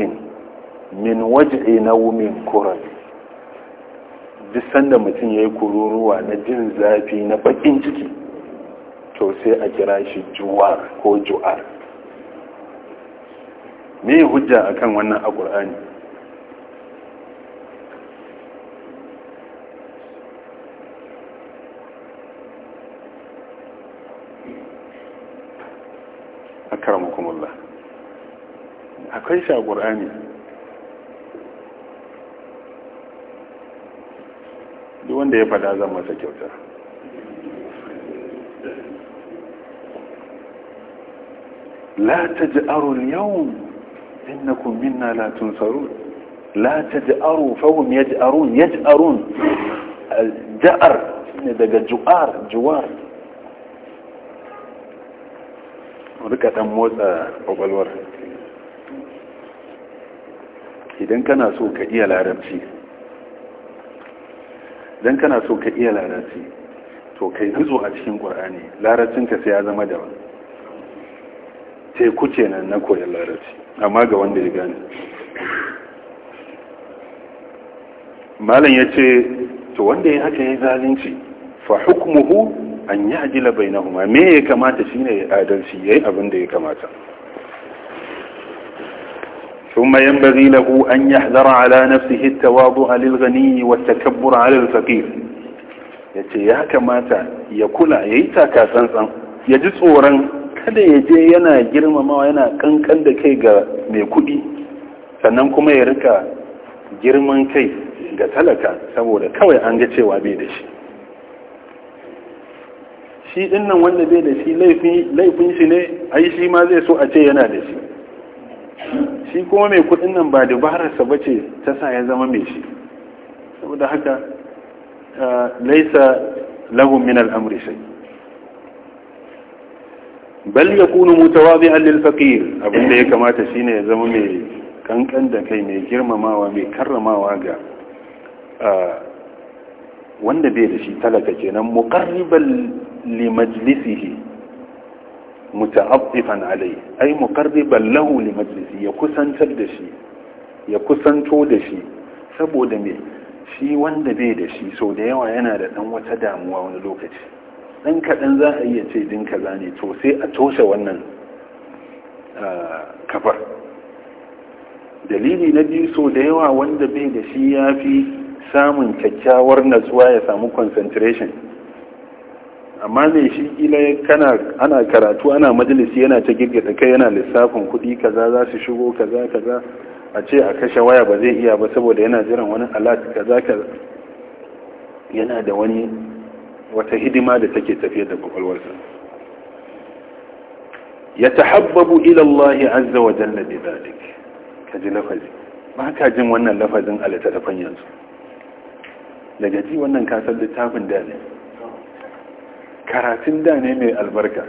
من وجع نوم naumin duk sanda mutum ya yi kururuwa na jin zafi na bakin ciki to sai a kira shi juwar ko ju'ar me hujja a kan wannan a ƙur'ani akwai shi a ƙur'ani duk wanda ya fada zan masa kyauta la taj'aru al-yawm innakum minna la tunsarun la taj'aru ya yaj'arun yaj'arun ja'ar ne daga ju'ar juwar rika dan motsa kwakwalwar idan kana so ka iya larabci idan kana so ka iya larabci to kai hizo a cikin qur'ani larabcin ka sai ya zama da sai ku kenan na koyon larabci amma ga wanda ya gane malam ce to wanda ya haka yayi zalunci fa hukmuhu an ya'dila bainahuma me ya kamata shine ya adalci yayi abin da ya kamata ثم ينبغي له أن يحذر على نفسه التواضع للغني والتكبر على الفقير yace ya kamata ya kula ya yi taka tsantsan ya ji tsoron kada ya je yana girmamawa yana kankan da kai ga mai kudi sannan kuma ya rika girman kai ga talaka saboda kawai an ga cewa bai da shi shi dinnan wanda bai da shi laifin shi ne ai shi ma zai so a ce yana da shi shi kuma mai kudin nan ba dabararsa ba ce ta sa ya zama mai shi saboda haka laisa lahum min al'amri shai bal ya kunu allin allil abin da ya kamata shine ya zama mai kankan da kai mai girmamawa mai karramawa ga wanda bai da shi talaka kenan muqarriban li majlisihi muta'affifan alai ai muqarriban lahu li majlisi ya kusantar da shi ya kusanto da shi saboda me shi wanda bai da shi sau da yawa yana da dan wata damuwa wani lokaci dan kadan za a iya ce din kaza ne to sai a toshe wannan kafar dalili na biyu sau da yawa wanda bai da shi ya fi samun kyakkyawar natsuwa ya samu concentration amma me shi kila kana ana karatu ana majalisi yana ta girgita kai yana lissafin kuɗi kaza za su shigo kaza kaza a ce a kashe waya ba zai iya ba saboda yana jiran wani alat kaza kaza yana da wani wata hidima da take tafiye da kwakwalwarsa ya tahabbabu ila Allah azza wa jalla bi zalik ka ji lafazi ba ka jin wannan lafazin a da yanzu daga ji wannan kasar littafin da ne karatun da ne mai albarka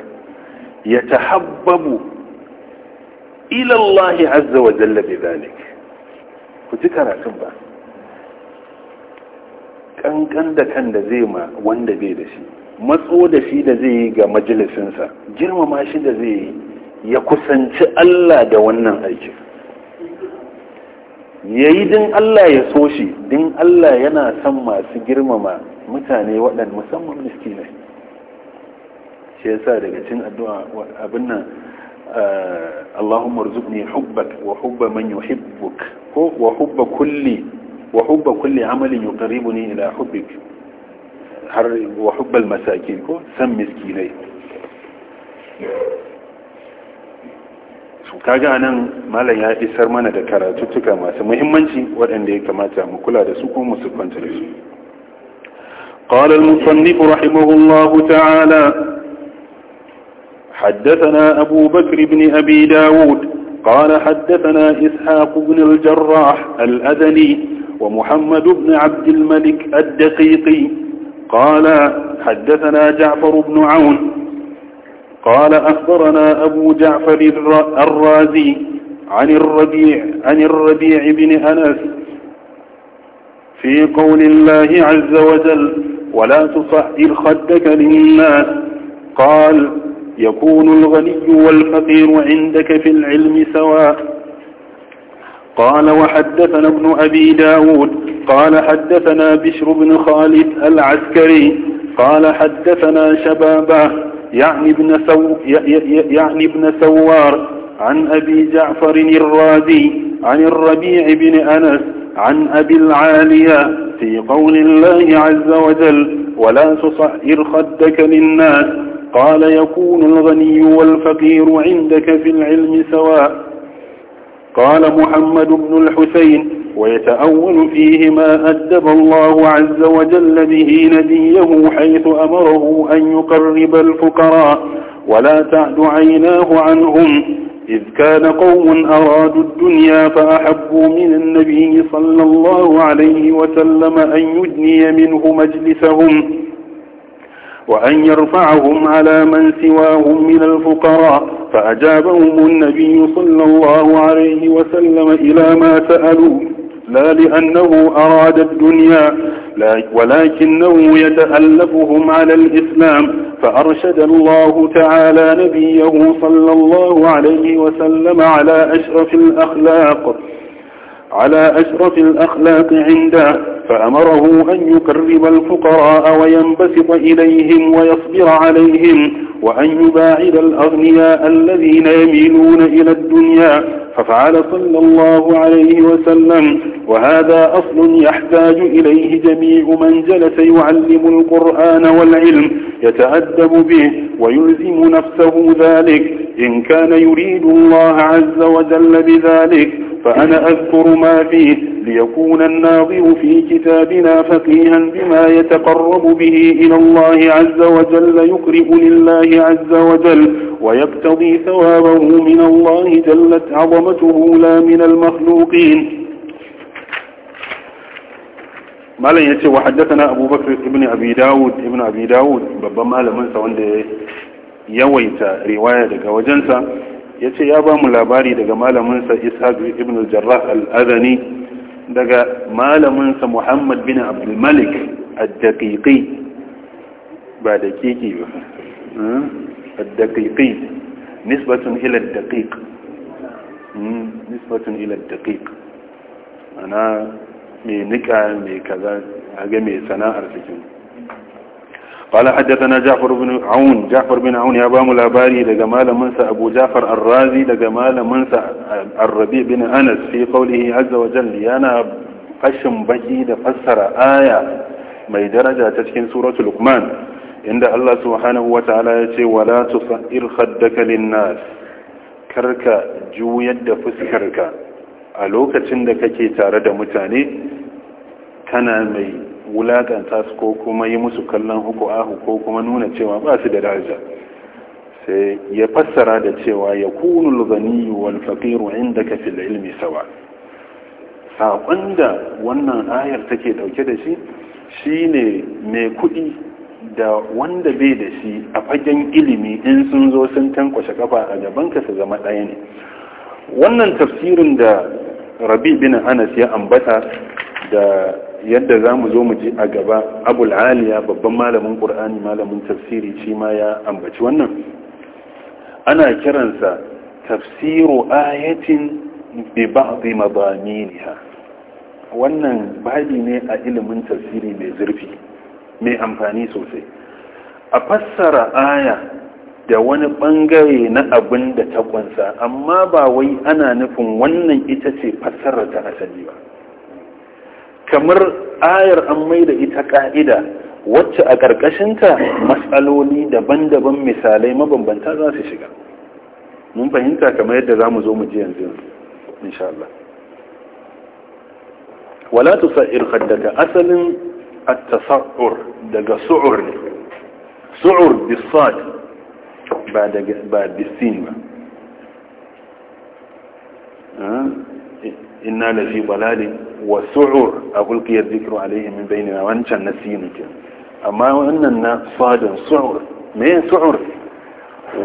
ya ta habbabu. ilallahi azza wa jalla bai ku ji karatun ba Ƙanƙan da kan da zai ma wanda bai da shi matso da shi da zai yi ga majalisinsa girmama shi da zai yi ya kusanci Allah da wannan aiki ya yi din Allah ya so shi din Allah yana son masu girmama mutane waɗanda musamman miskinai shi yasa daga cin addu'a abin nan eh, Allahumma rzuqni hubbak wa hubba man yuhibbuk ko wa hubba kulli wa hubba kulli amalin yuqarribuni ila hubbik har wa hubba al-masakin ko san miskinai su kaga nan malam ya isar mana da karatuttuka masu muhimmanci waɗanda ya kamata mu kula da su ko musu kwantar da su قال المصنف رحمه الله تعالى حدثنا أبو بكر بن أبي داود قال حدثنا إسحاق بن الجراح الأذني ومحمد بن عبد الملك الدقيقي قال حدثنا جعفر بن عون قال أخبرنا أبو جعفر الرازي عن الربيع, عن الربيع بن أنس في قول الله عز وجل ولا تصحر خدك للناس قال يكون الغني والفقير عندك في العلم سواء قال وحدثنا ابن أبي داود قال حدثنا بشر بن خالد العسكري قال حدثنا شبابه يعني ابن, سو يعني ابن سوار عن أبي جعفر الرازي عن الربيع بن أنس عن أبي العالية في قول الله عز وجل ولا تصحر خدك للناس قال يكون الغني والفقير عندك في العلم سواء قال محمد بن الحسين ويتأول فيه ما أدب الله عز وجل به نبيه حيث أمره أن يقرب الفقراء ولا تعد عيناه عنهم إذ كان قوم أرادوا الدنيا فأحبوا من النبي صلى الله عليه وسلم أن يدني منه مجلسهم وأن يرفعهم على من سواهم من الفقراء فأجابهم النبي صلى الله عليه وسلم إلى ما سألوا لا لأنه أراد الدنيا ولكنه يتألفهم على الإسلام فأرشد الله تعالى نبيه صلى الله عليه وسلم على أشرف الأخلاق على أشرف الأخلاق عنده فأمره أن يكرم الفقراء وينبسط إليهم ويصبر عليهم وأن يباعد الأغنياء الذين يميلون إلى الدنيا ففعل صلى الله عليه وسلم وهذا أصل يحتاج إليه جميع من جلس يعلم القرآن والعلم يتأدب به ويلزم نفسه ذلك إن كان يريد الله عز وجل بذلك فأنا أذكر ما فيه ليكون الناظر في كتابنا فقيها بما يتقرب به إلى الله عز وجل يكره لله عز وجل ويقتضي ثوابه من الله جلت عظمته لا من المخلوقين ما لن ce wa أبو بكر ابن أبي داود ابن أبي داود babban malaminsa wanda ya yawaita riwaya daga ya ce ya ba mu labari daga malaminsa ishaq ibn jarrah al-adani daga malaminsa muhammad bin Abdul Malik al-daqiqi ba kiki ba hmm? al-daqiqi nisbatun ila al-daqiq hmm? nisbatun ila al-daqiq ana mai nika mai kaza a ga mai sana'ar cikin قال حدثنا جعفر بن عون جعفر بن عون يا بام الأباري لجمال منسى أبو جعفر الرازي لجمال منسى الربيع بن أنس في قوله عز وجل يانا قشم بجي فسر آية mai daraja ta cikin suratu lukman inda Allah subhanahu wa ta'ala ya ce wala tusahhir khaddaka linnas karka juyar da fuskarka a lokacin da kake tare da mutane kana mai wulaƙanta su ko kuma yi musu kallon uku ahu ko kuma nuna cewa ba su da daraja sai ya fassara da cewa ya kunu lugani wal faqiru indaka fil ilmi sawa saƙon da wannan ayar take ɗauke da shi shine mai kuɗi da wanda bai da shi a fagen ilimi in sun zo sun tankwashe kafa a gabanka su zama ɗaya ne wannan tafsirin da rabi bin anas ya ambata da yadda za mu zo mu ji a gaba abul aliya babban malamin ƙur'ani malamin tafsiri shi ma ya ambaci wannan ana kiransa tafsiru ayatin bi ba'dhi wannan babi ne a ilimin tafsiri mai zurfi mai amfani sosai a fassara aya da wani bangare na abin da ta kunsa amma ba wai ana nufin wannan ita ce fassarar ta asali ba kamar ayar an mai da ita ka'ida wacce a ƙarƙashinta matsaloli daban-daban misalai mabambanta za su shiga mun fahimta kamar yadda za mu zo mu ji yanzu insha Allah wala sa'ir khaddaka asalin at-tasa'ur daga su'ur ne su'ur bisad ba daga ba bisin ba ah, inna la fi wa su'ur a kulkiyar zikiru alaihi min bainina wancan na sinikin amma wannan na fadin su'ur me su'ur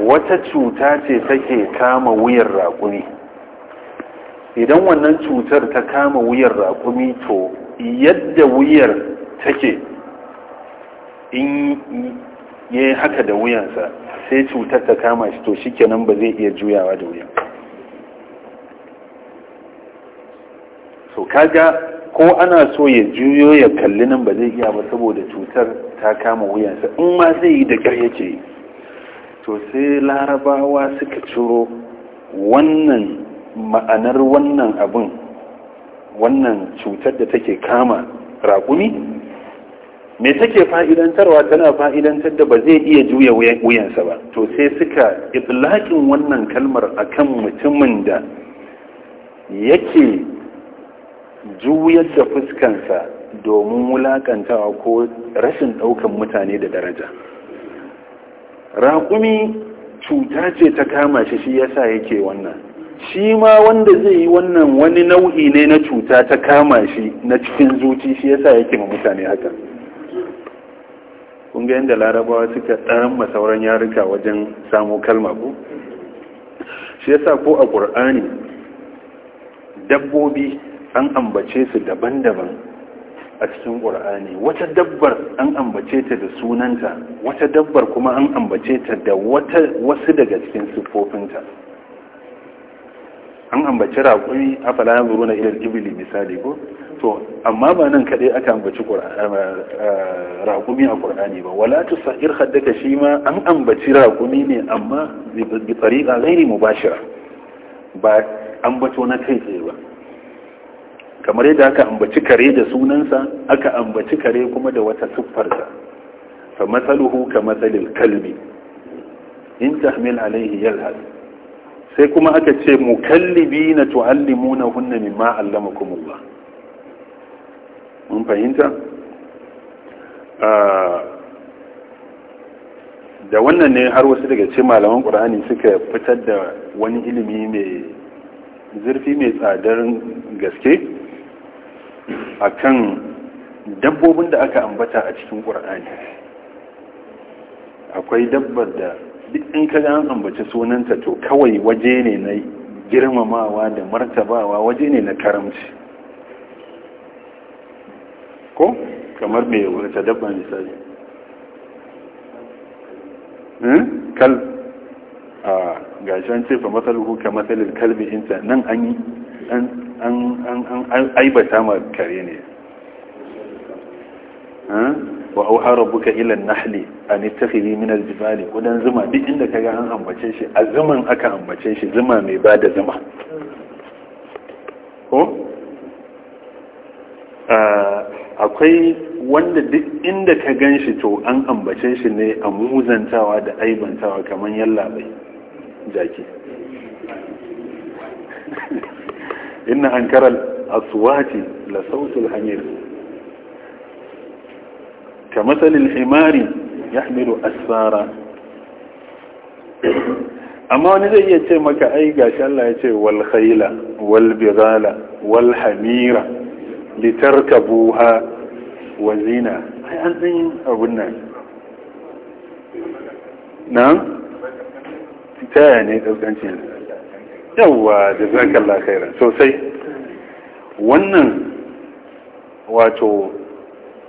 wata cuta ce take kama wuyar raƙumi idan wannan cutar ta kama wuyar raƙumi to yadda wuyar take in ya haka da wuyansa sai cutar ta kama shi to shi kenan ba zai iya juyawa da wuyan kaga ko ana so ya juyo ya kalli nan ba zai iya ba saboda cutar ta kama wuyansa in ma zai yi da ƙarya yake to sai larabawa suka ciro wannan ma'anar wannan abin wannan cutar da take kama raƙumi me take fa'idantarwa tana fa'idantar da ba zai iya juya wuyansa ba to sai suka itlaƙin wannan kalmar akan mutumin da yake juyar da fuskansa domin wulakantawa ko rashin ɗaukan mutane da daraja raƙumi cuta ce ta kama shi shi yasa yake wannan shi ma wanda zai yi wannan wani nau'i ne na cuta ta kama shi na cikin zuci shi yasa yake ma mutane haka kun ga yadda larabawa suka ɗaran masauran yarika wajen samo kalma ku? shi yasa ko a ƙur'ani dabbobi an ambace su daban-daban a cikin ƙur'ani wata dabbar an ambace ta da sunanta wata dabbar kuma an ambace ta da wasu daga cikin siffofinta an ambaci raƙuri a falayan buru na ilil ibili misali ko to amma ba nan kaɗai aka ambaci eh, eh, raƙumi a ƙur'ani ba wala ta sa'ir haddaka shi ma an ambaci raƙumi ne amma bi tsariƙa gairi mubashira ba ambato na kai tsaye ba kamar yadda aka ambaci kare da sunansa aka ambaci kare kuma da wata siffarsa fa matsaluhu ka kalbi in tahmil alaihi yalhas sai kuma aka ce mukallibi na tu'allimuna hunna mimma allamakumullah mun fahimta ah, da wannan ne har wasu daga ce malaman kur'ani suka fitar da wani ilimi mai zurfi mai tsadar gaske akan dabbobin da aka ambata a cikin ƙur'ani akwai dabbar da duk in ka an ambaci sunanta to kawai waje ne na girmamawa da martabawa waje ne na karamci ko kamar mai wata dabba misali hmm? kal a ah, gashen ce fa matsaluhu ka matsalin kalbi inta nan an yi an aibata ma kare ne wa auha rabbuka ila nahli an ittakhidhi min al-jibali kudan zuma duk inda ka ga an ambace shi a zuman aka ambace shi zuma mai bada zuma ko akwai wanda duk inda ka gan shi to an ambace shi ne a muzantawa da aibantawa kamar bai jaki inna ankaral aswati la sautul hamir ka matsalin himari ya hamiru asara. amma wani zai iya ce maka ai gashi Allah ya ce wal khaila wal bigala wal wa zina ai an san abun nan na ta ne kaskanci yawwa zakar khairan sosai wannan wato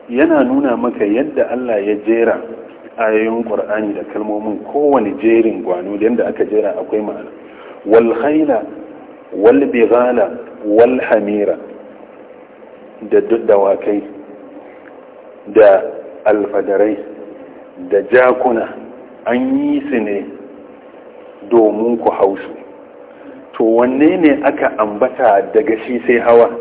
yana nuna maka yadda Allah ya jera ayoyin ƙwar'ani da kalmomin kowane jerin gwano da yadda aka jera akwai ma'ana wal walbigala, walhamira da dawakai da alfadarai da jakuna an yi su ne domin ku hausu to wanne ne aka ambata daga shi sai hawa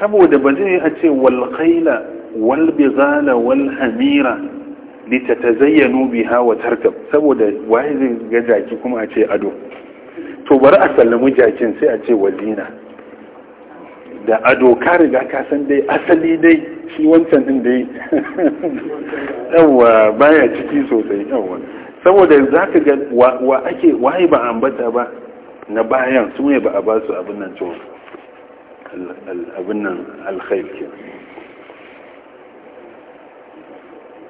saboda ba zai a ce walƙaila walbizala walhamira littatta-zayyano biha wa tarkab saboda waye zai ga jaki kuma a ce ado to bari a sallamu jakin sai a ce wazina da ado ka riga ka san dai asali dai shi wancan din dai yawa baya ciki sosai yawa saboda za ka ga wa ake waye ba ambata ba na bayan su ne ba a ba su abin nan to abin nan alkhair ke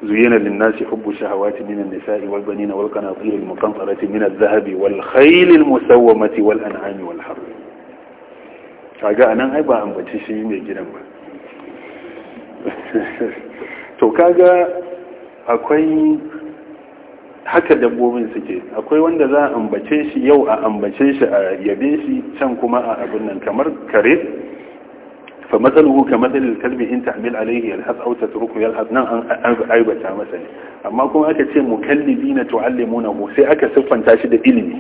زين للناس حب الشهوات من النساء والبنين والقناطير المقنطرة من الذهب والخيل المسومة والأنعام والحرب kaga anan ai ba ambaci shi mai gidan ba to kaga akwai haka dabbobin suke akwai wanda za a ambace shi yau a ambace shi a yabe shi can kuma a abin nan kamar kare fa matsaluhu ka matsalil kalbi in ta'mil alaihi alhas aw tatruku yalhas nan an aibata masa ne amma kuma aka ce na mukallibina tu'allimuna sai aka siffanta shi da ilimi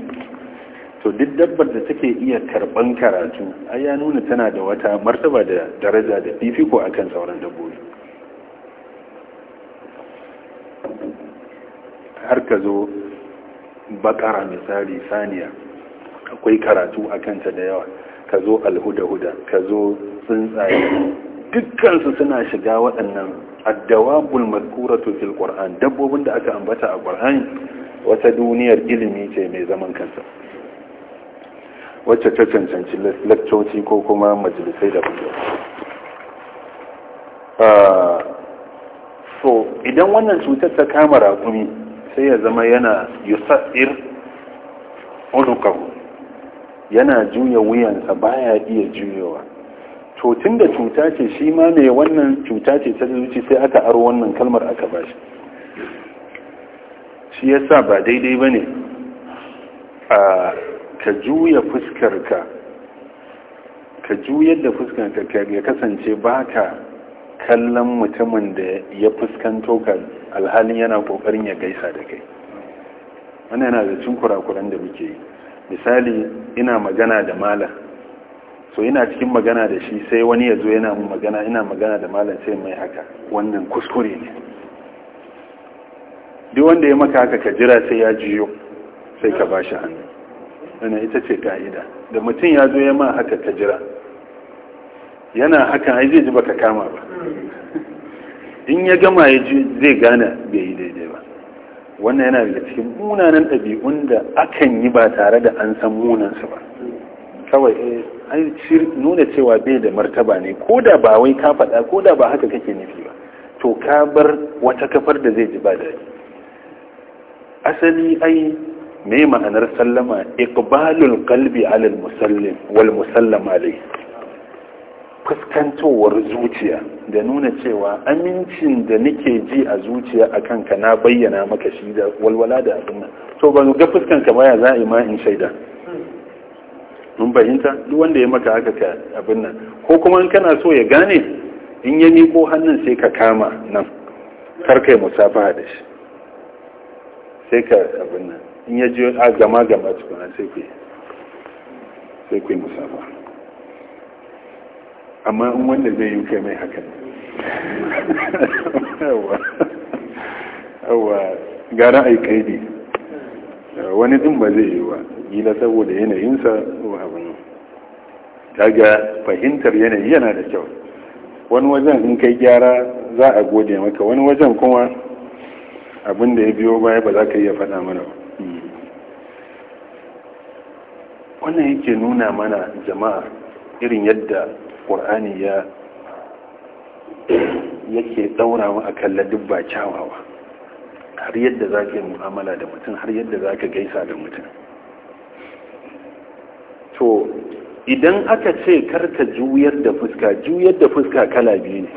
to duk dabbar da take iya karban karatu ai ya nuna tana da wata martaba da daraja da fifiko akan sauran dabbobi har ka zo bakara misali saniya akwai karatu a kanta da yawa ka zo alhuda-huda ka zo tsuntsaye dukkansu suna shiga waɗannan addawa bulmakuratu fil qur'an dabbobin da aka ambata a qur'ani wata duniyar ilimi ce mai zaman kansa wacce ta cancanci lakcoci ko kuma majalisai da kudu ah, so idan wannan cutar ta kama rakumi sai ya zama yana yusair ulukahu yana juya wuyansa baya iya juyewa to tunda cuta ce shi ma mai wannan cuta ce ta zuci sai aka aro wannan kalmar aka bashi shi yasa ba daidai bane a ah, ka juya fuskarka ka juyar da fuskarka ka ya kasance baka kallon mutumin da ya fuskanto ka alhalin yana kokarin ya gaisa da kai wannan yana da cin kurakuran da muke yi misali ina magana da malam so ina cikin magana da shi sai wani ya zo yana mun magana ina magana da malam sai mai haka wannan kuskure ne duk wanda ya maka haka ka jira sai ya jiyo sai ka ba shi hannu wannan ita ce ka'ida da mutum ya zo ya ma haka ta jira yana haka ai zai ji baka kama ba in ya gama ya ji zai gane bai yi daidai ba wannan yana daga cikin munanan ɗabi'un da akan yi ba tare da an san munansu ba kawai ci nuna cewa bai da martaba ne ko da ba wai ka faɗa ko da ba haka kake nufi ba to ka bar wata kafar da zai ji ba daɗi asali ai me ma'anar sallama iqbalul qalbi ala musallim wal musallama alayhi fuskantowar zuciya da nuna cewa amincin da nake ji a zuciya a kanka na bayyana maka shi da walwala da abin nan to ban ga fuskanka baya za a yi ma in shaida mun duk wanda ya maka haka ka abin nan ko kuma in kana so ya gane in ya miko hannun sai ka kama nan kar kai musafaha da shi sai ka abin nan in ya ji a gama gama tukuna sai ku sai ku musafa amma in wanda zai yi kai mai hakan yawa gara aikai ne wani din ba zai yi wa gila saboda yanayinsa ko abin daga fahimtar yanayi yana da kyau wani wajen in kai gyara za a gode maka wani wajen kuma abin da ya biyo baya ba za ka iya faɗa mana ba wannan yake nuna mana jama'a irin yadda ƙur'ani ya yake ɗaurawa a kalla dubba kyawawa har yadda za ka yi mu'amala da mutum har yadda za ka gaisa da mutum to idan aka ce karka juyar da fuska juyar da fuska kala biyu ne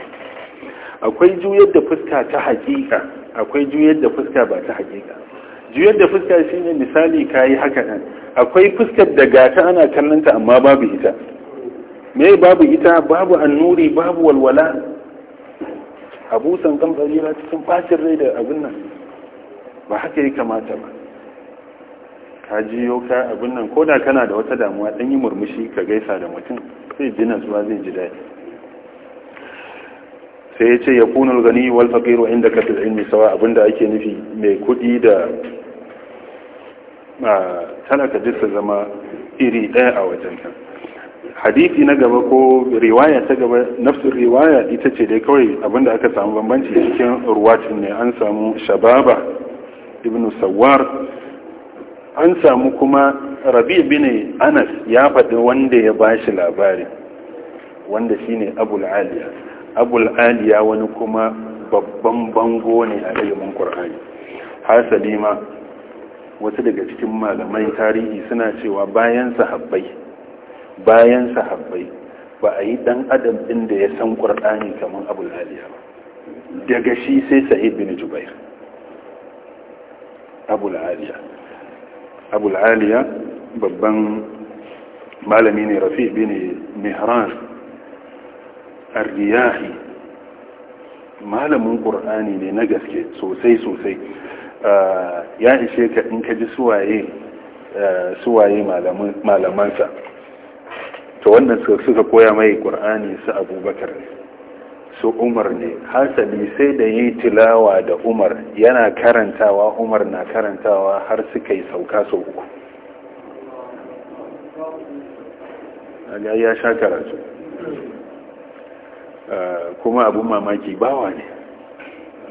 akwai juyar da fuska ta haƙiƙa akwai juyar da fuska ba ta haƙiƙa. juyar da fuska shine misali kayi haka nan akwai fuskar da gata ana kallonta amma babu ita me babu ita babu annuri babu walwala abu sankan barira cikin bacin rai da abin nan ba haka ya kamata ba ka jiyo ka abin nan ko da kana da wata damuwa dan yi murmushi ka gaisa da mutum sai jina zuwa zai ji daɗi sai ya ce ya kunul gani wal faqiru inda kafin ilmi sawa abinda ake nufi mai kuɗi da talaka duk jisa zama iri ɗaya a wajen wajenta hadisi na gaba ko riwaya ta gaba nafsin riwaya ita ce dai kawai abinda aka samu bambanci cikin ruwacin ne an samu shababa ibn sawar an samu kuma rabi bin anas ya faɗi wanda ya ba shi labari wanda shine abul aliya abul wani kuma babban bango ne a ilimin qur'ani hasali ma wasu daga cikin malamai tarihi suna cewa bayan sahabbai bayan sahabbai ba a yi dan adam ɗin da ya san ƙur'ani kamar abul aliya daga shi sai sa'id bin jubair abul aliya abul aliya babban malami ne rafi bin mihran arriyahi malamin ƙur'ani ne na gaske sosai sosai Eh, ya ishe ka in ka ji suwaye eh, suwaye malamansa to wannan suka koya mai ƙur'ani su abubakar su umar ne hasali sai da yi tilawa da umar yana karantawa umar na karantawa har suka yi sauka sau uku ya sha karatu eh, kuma abin mamaki bawa ne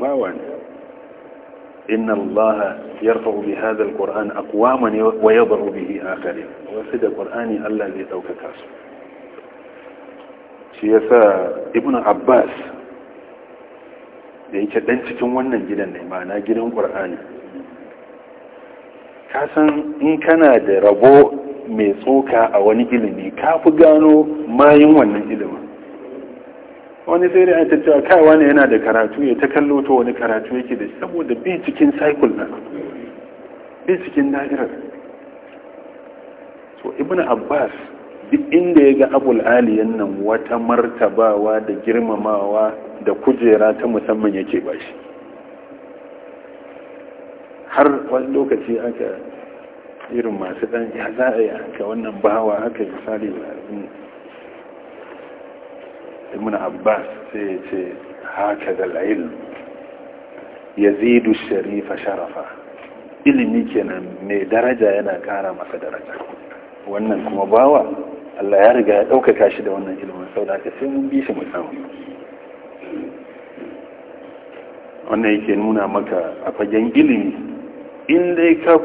bawa ne inna Allah yarfa'u bi hadha al-Qur'an aqwaman wa yadh'u bihi akharin wasu da ƙur'ani Allah zai ɗaukaka su shi yasa Ibn Abbas da yake dan cikin wannan gidan ne ma'ana gidan Qur'ani kasan in kana da rabo mai tsoka a wani ilimi ka fi gano mayin wannan ilimin wani sai da ta cewa kai wani yana da karatu ya ta kallo to wani karatu yake da saboda bi cikin cycle na bi cikin da'irar so ibnu abbas duk inda ya ga abul aliyan nan wata martabawa da girmamawa da kujera ta musamman yake ba shi har wani lokaci aka irin masu dan ya za a yi haka wannan bawa aka misali ibn abbas sai ya ce haka da la'il ya zidu sharifa sharafa ilimi kenan mai daraja yana kara masa daraja wannan kuma bawa Allah ya riga ya ɗaukaka shi da wannan ilimin sau da aka sai mun bi shi mu samu wannan yake nuna maka a fagen ilimi in dai ka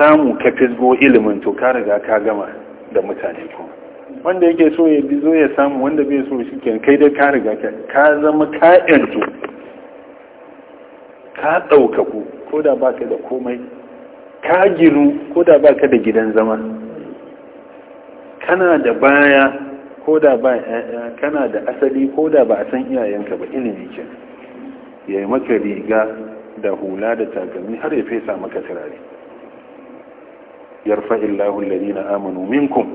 samu ka fisgo ilimin to ka riga ka gama da mutane kuma wanda yake so ya bi zo ya samu wanda bai so shi ke kai dai ka riga ka ka zama ka yanzu ka ɗaukaku ko da ba ka da komai ka giru ko da ba ka da gidan zama kana da baya ko da ba kana da asali ko da ba a san iyayenka ba ilimi ke ya yi maka riga da hula da takalmi har ya fesa maka turare yarfa illahu alladhina amanu minkum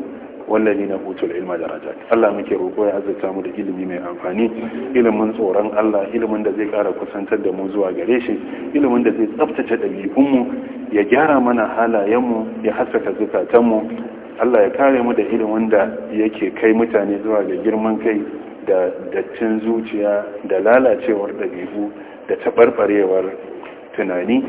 wallazi na hutul ilma darajat Allah muke roƙo ya azurta mu da ilimi mai amfani ilimin tsoron Allah ilimin da zai kara kusantar da mu zuwa gare shi ilimin da zai tsaftace mu ya gyara mana halayen mu ya haskaka mu Allah ya kare mu da ilimin da yake kai mutane zuwa ga girman kai da dattin zuciya da lalacewar dabi'u da taɓarɓarewar tunani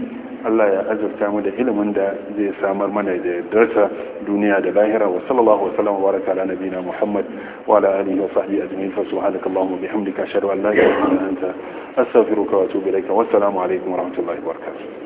Allah ya azurta mu da ilimin da zai samar mana da yardarsa duniya da lahira wa sallallahu wa sallam wa baraka ala nabiyina Muhammad wa ala alihi wa sahbihi ajma'in fa subhanaka allahumma bihamdika ashhadu an la ilaha illa anta astaghfiruka wa atubu wa assalamu alaikum wa rahmatullahi wa barakatuh